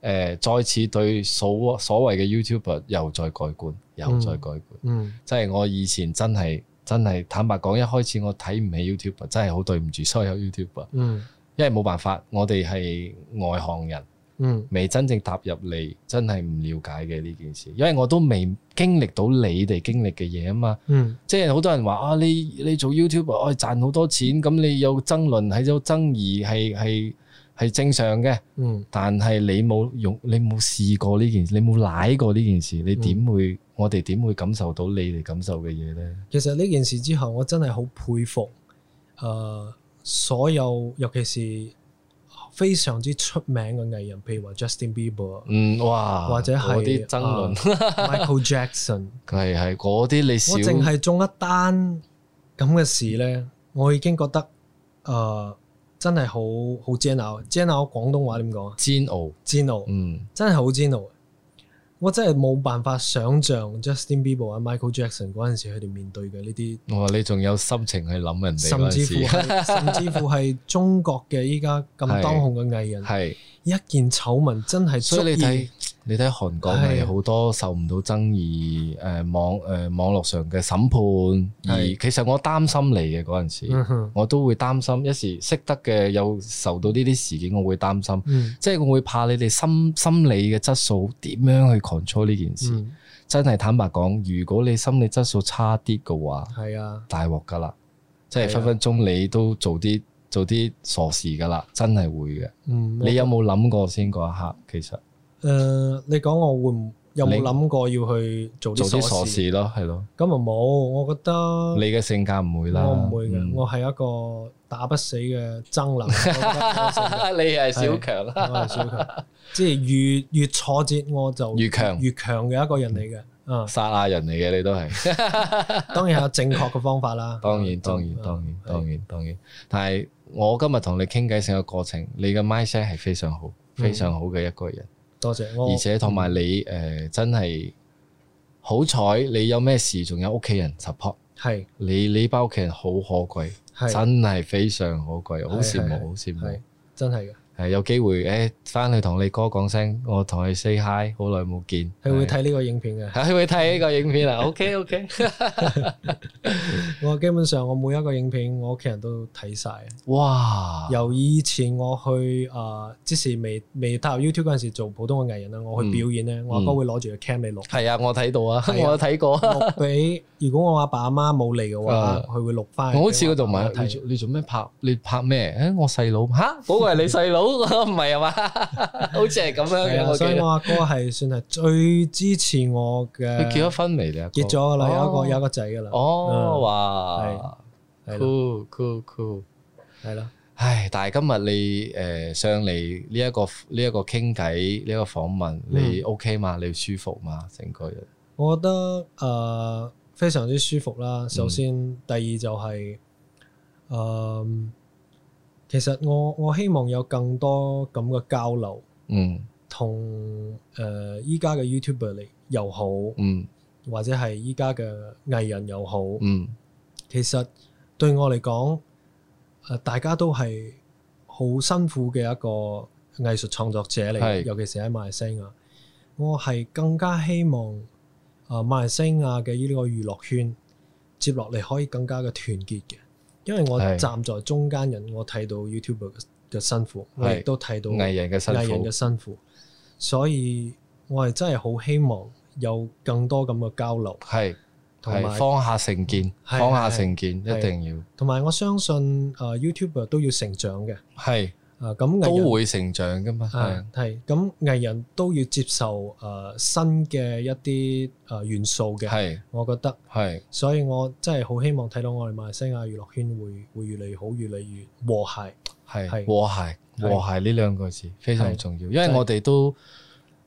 呃、再次對所所謂嘅 YouTuber 又再改觀，mm. 又再改觀。嗯，mm. 即係我以前真係真係坦白講，一開始我睇唔起 YouTuber，真係好對唔住所有 YouTuber。嗯，mm. 因為冇辦法，我哋係外行人。.嗯，未真正踏入嚟，真係唔了解嘅呢件事，因為我都未經歷到你哋經歷嘅嘢啊嘛。嗯，即係好多人話啊，你你做 YouTube，我、哎、賺好多錢，咁你有爭論，係有爭議，係係係正常嘅。嗯，但係你冇用，你冇試過呢件事，你冇拉過呢件事，你點會？嗯、我哋點會感受到你哋感受嘅嘢呢？其實呢件事之後，我真係好佩服誒、呃，所有尤其是。非常之出名嘅藝人，譬如話 Justin Bieber，嗯哇，或者係爭論 Michael Jackson，係係啲你我淨係中一單咁嘅事咧，我已經覺得誒、呃、真係好好煎熬，煎熬 廣東話點講啊？煎熬，煎熬，嗯，真係好煎熬。我真係冇辦法想像 Justin Bieber 啊、Michael Jackson 嗰陣時，佢哋面對嘅呢啲。我話你仲有心情去諗人哋，甚至乎係 甚至乎係中國嘅依家咁當紅嘅藝人， 一件醜聞真係出現。你睇韓國係好多受唔到爭議？誒的、呃、網誒、呃、網絡上嘅審判，的而其實我擔心你嘅嗰陣時，嗯、哼我都會擔心。一時識得嘅有受到呢啲事件，我會擔心，即係、嗯、我會怕你哋心心理嘅質素點樣去 control 呢件事？嗯、真係坦白講，如果你心理質素差啲嘅話，係啊、嗯哼，大鑊噶啦，即係分分鐘你都做啲、嗯、做啲傻事噶啦，真係會嘅。嗯嗯、你有冇諗過先嗰一刻？其實。誒，你講我會唔有冇諗過要去做啲傻事咯？係咯？咁啊冇，我覺得你嘅性格唔會啦。我唔會嘅，我係一個打不死嘅蟑螂。你係小強啦，我係小強。即係越越挫折，我就越強越強嘅一個人嚟嘅。嗯，殺下人嚟嘅你都係。當然有正確嘅方法啦。當然，當然，當然，當然，當然。但係我今日同你傾偈成個過程，你嘅 mindset 係非常好，非常好嘅一個人。多謝，而且同埋你誒、呃、真係好彩，你有咩事仲有屋企人 support，係你你呢班屋企人好可貴，是真係非常可貴，好羨是慕，好羨是慕，是羨慕真係嘅。係有機會誒，翻去同你哥講聲，我同你 say hi，好耐冇見。佢會睇呢個影片嘅，佢會睇呢個影片啊。OK OK，我基本上我每一個影片，我屋企人都睇曬。哇！由以前我去啊，之前未未踏入 YouTube 嗰陣時做普通嘅藝人啊，我去表演咧，我阿哥會攞住個 cam 嚟錄。係啊，我睇到啊，我有睇過。俾如果我阿爸阿媽冇嚟嘅話，佢會錄翻去。我好似嗰度問，睇住你做咩拍？你拍咩？誒，我細佬嚇，嗰個係你細佬。唔係啊嘛，好似係咁樣嘅。所以我阿哥係算係最支持我嘅。佢結咗婚未？啦，結咗噶啦，有一個有一個仔噶啦。哦，哇，cool，cool，cool，係咯。唉，但係今日你誒上嚟呢一個呢一個傾偈呢一個訪問，你 OK 嘛？你舒服嘛？成個人？我覺得誒非常之舒服啦。首先，第二就係誒。其實我我希望有更多咁嘅交流，嗯，同誒依家嘅、呃、YouTuber 嚟又好，嗯，或者係依家嘅藝人又好，嗯，其實對我嚟講，誒、呃、大家都係好辛苦嘅一個藝術創作者嚟，是尤其是喺馬來西亞，我係更加希望誒馬來西亞嘅呢個娛樂圈接落嚟可以更加嘅團結嘅。因為我站在中間人，係我睇到 YouTuber 嘅辛苦，我係亦都睇到藝人嘅辛苦，藝人嘅辛苦。所以，我係真係好希望有更多咁嘅交流。係，同埋放下成見，放係下成見，係一定要。同埋我相信，誒 YouTuber 都要成長嘅。係。啊，咁都會成長噶嘛，係，係，咁藝人都要接受誒新嘅一啲誒元素嘅，係，我覺得係，所以我真係好希望睇到我哋馬來西亞娛樂圈會會越嚟越好，越嚟越和諧，係，和諧和諧呢兩個字非常重要，因為我哋都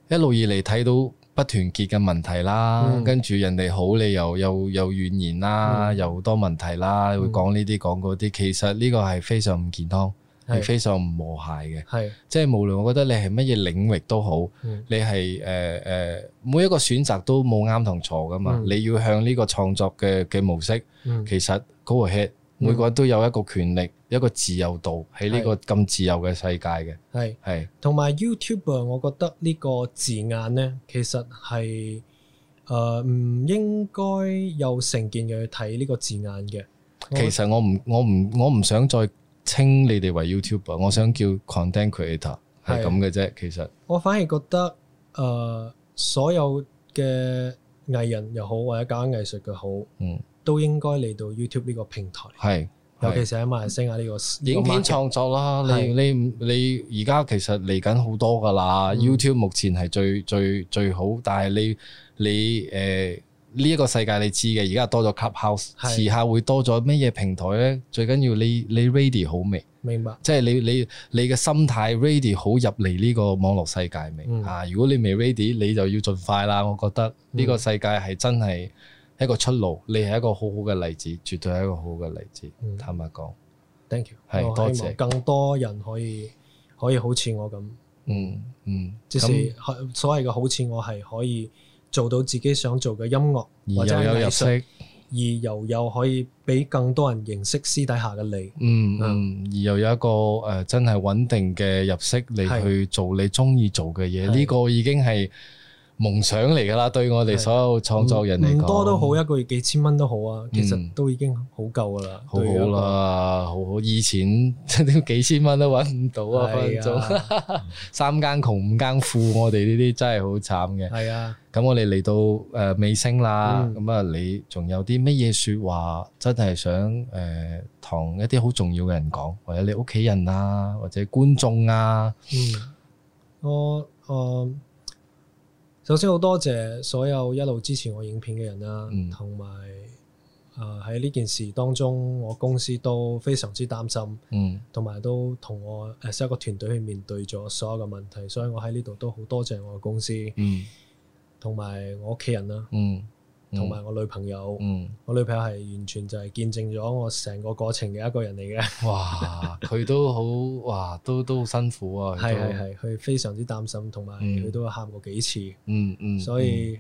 一路以嚟睇到不團結嘅問題啦，跟住人哋好你又又有怨言啦，又好多問題啦，會講呢啲講嗰啲，其實呢個係非常唔健康。非常唔和諧嘅，係，是即係無論我覺得你係乜嘢領域都好，是你係誒誒，每一個選擇都冇啱同錯噶嘛，嗯、你要向呢個創作嘅嘅模式，嗯、其實個 head 每個人都有一個權力，嗯、一個自由度喺呢個咁自由嘅世界嘅，係係同埋 YouTuber 我覺得呢個字眼咧，其實係誒唔應該有成見嘅去睇呢個字眼嘅。嗯、其實我唔我唔我唔想再。稱你哋為 YouTuber，嗯，我想叫 content creator 係咁嘅啫。其實我反而覺得，誒、呃，所有嘅藝人又好，或者搞藝術嘅好，嗯，都應該嚟到 YouTube 呢個平台。係、嗯，尤其是喺馬來西亞呢、這個、是個影片創作啦。你是你你而家其實嚟緊好多㗎啦。嗯、YouTube 目前係最最最最好，但係你你誒。你呃呢一個世界你知嘅，而家多咗 clubhouse，遲是下會多咗咩嘢平台呢？最緊要你你 ready 好未？明白，即係你你你嘅心態 ready 好入嚟呢個網絡世界未？嗯、啊，如果你未 ready，你就要盡快啦。我覺得呢個世界係真係一個出路，嗯、你係一個好好嘅例子，絕對係一個好好嘅例子。嗯、坦白講，thank you，係多謝，更多人可以可以好似我咁、嗯，嗯嗯，即、就是所謂嘅好似我係可以。做到自己想做嘅音樂或者係藝術，而又有入息，而又有可以俾更多人認識私底下嘅你，嗯，嗯，而又有一個誒、呃、真係穩定嘅入息，你去做你中意做嘅嘢，呢個已經係夢想嚟噶啦，對我哋所有創作人嚟講，多都好，一個月幾千蚊都好啊，其實都已經好夠噶啦，嗯那個，好好啦，啊，好好，以前都幾千蚊都揾唔到啊，哎、呀哈哈，三更窮五更富，我哋呢啲真係好慘嘅。係啊，哎呀，咁我哋嚟到誒，尾聲啦，咁啊，你仲有啲乜嘢說話真係想誒，同，呃，一啲好重要嘅人講，或者你屋企人啊，或者觀眾啊，嗯，我，啊，誒。啊首先好多謝所有一路支持我影片嘅人啦，同埋誒喺呢件事當中，我公司都非常之擔心，同埋、嗯、都同我誒，啊、一個團隊去面對咗所有嘅問題，所以我喺呢度都好多謝我公司，同埋、嗯、我屋企人啦、啊，嗯同埋我女朋友，嗯，我女朋友係完全就係見證咗我成個過程嘅一個人嚟嘅。哇，佢都好，哇，都都辛苦啊。係係係，佢非常之擔心，同埋佢都喊過幾次。嗯嗯，所以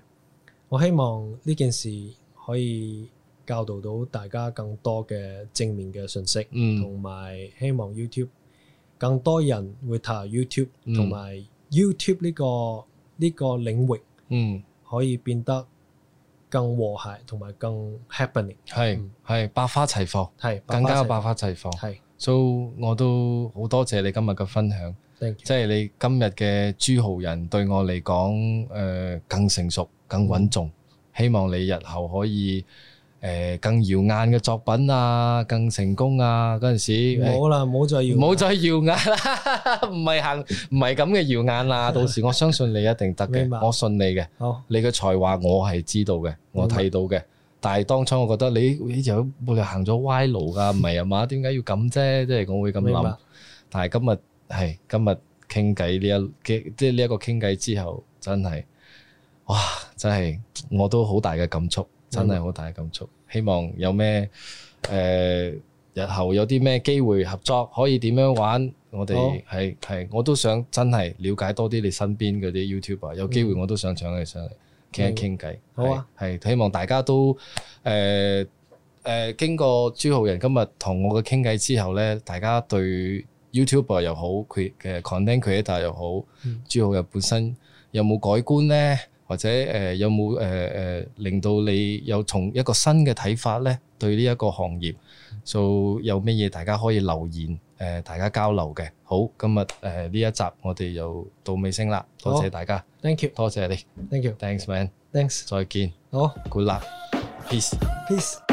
我希望呢件事可以教導到大家更多嘅正面嘅信息，同埋希望 YouTube 更多人會睇 YouTube，同埋 YouTube 呢個呢個領域，嗯，可以變得。更和諧同埋更 happening，係係百花齊放，係更加嘅百花齊放，係都是、so, 我都好多謝你今日嘅分享，Thank you. 即係你今日嘅朱浩仁對我嚟講，誒、呃、更成熟、更穩重，嗯、希望你日後可以。誒，更耀眼嘅作品啊，更成功啊，嗰陣時冇啦，冇再耀，冇再耀眼啦，唔係行，唔係咁嘅耀眼啦。 到時我相信你一定得嘅，我信你嘅。好、哦，你嘅才華我係知道嘅，我睇到嘅。但係當初我覺得你，你又會行咗歪路噶，唔係啊嘛？點解要咁啫？即係 我會咁諗。但係今日係、哎、今日傾偈呢一傾，即係呢一個傾偈之後，真係，哇！真係，我都好大嘅感觸。嗯、真係好大感觸，希望有咩、呃、日後有啲咩機會合作，可以點樣玩？我哋係係，我都想真係了解多啲你身邊嗰啲 YouTuber，有機會我都想請佢上嚟傾、嗯、一傾偈。好啊、嗯，係希望大家都誒誒、呃呃，經過朱浩仁今日同我嘅傾偈之後咧，大家對 YouTuber 又好，佢嘅 content creator 又好，嗯、朱浩仁本身有冇改觀呢？或者誒有冇誒誒令到你有從一個新嘅睇法咧？對呢一個行業做，有咩嘢大家可以留言誒，大家交流嘅。好，今日誒呢一集我哋又到尾聲啦，多謝大家，Thank you，多謝你，Thank you，Thanks man，Thanks，再見，好，Good luck，Peace，Peace。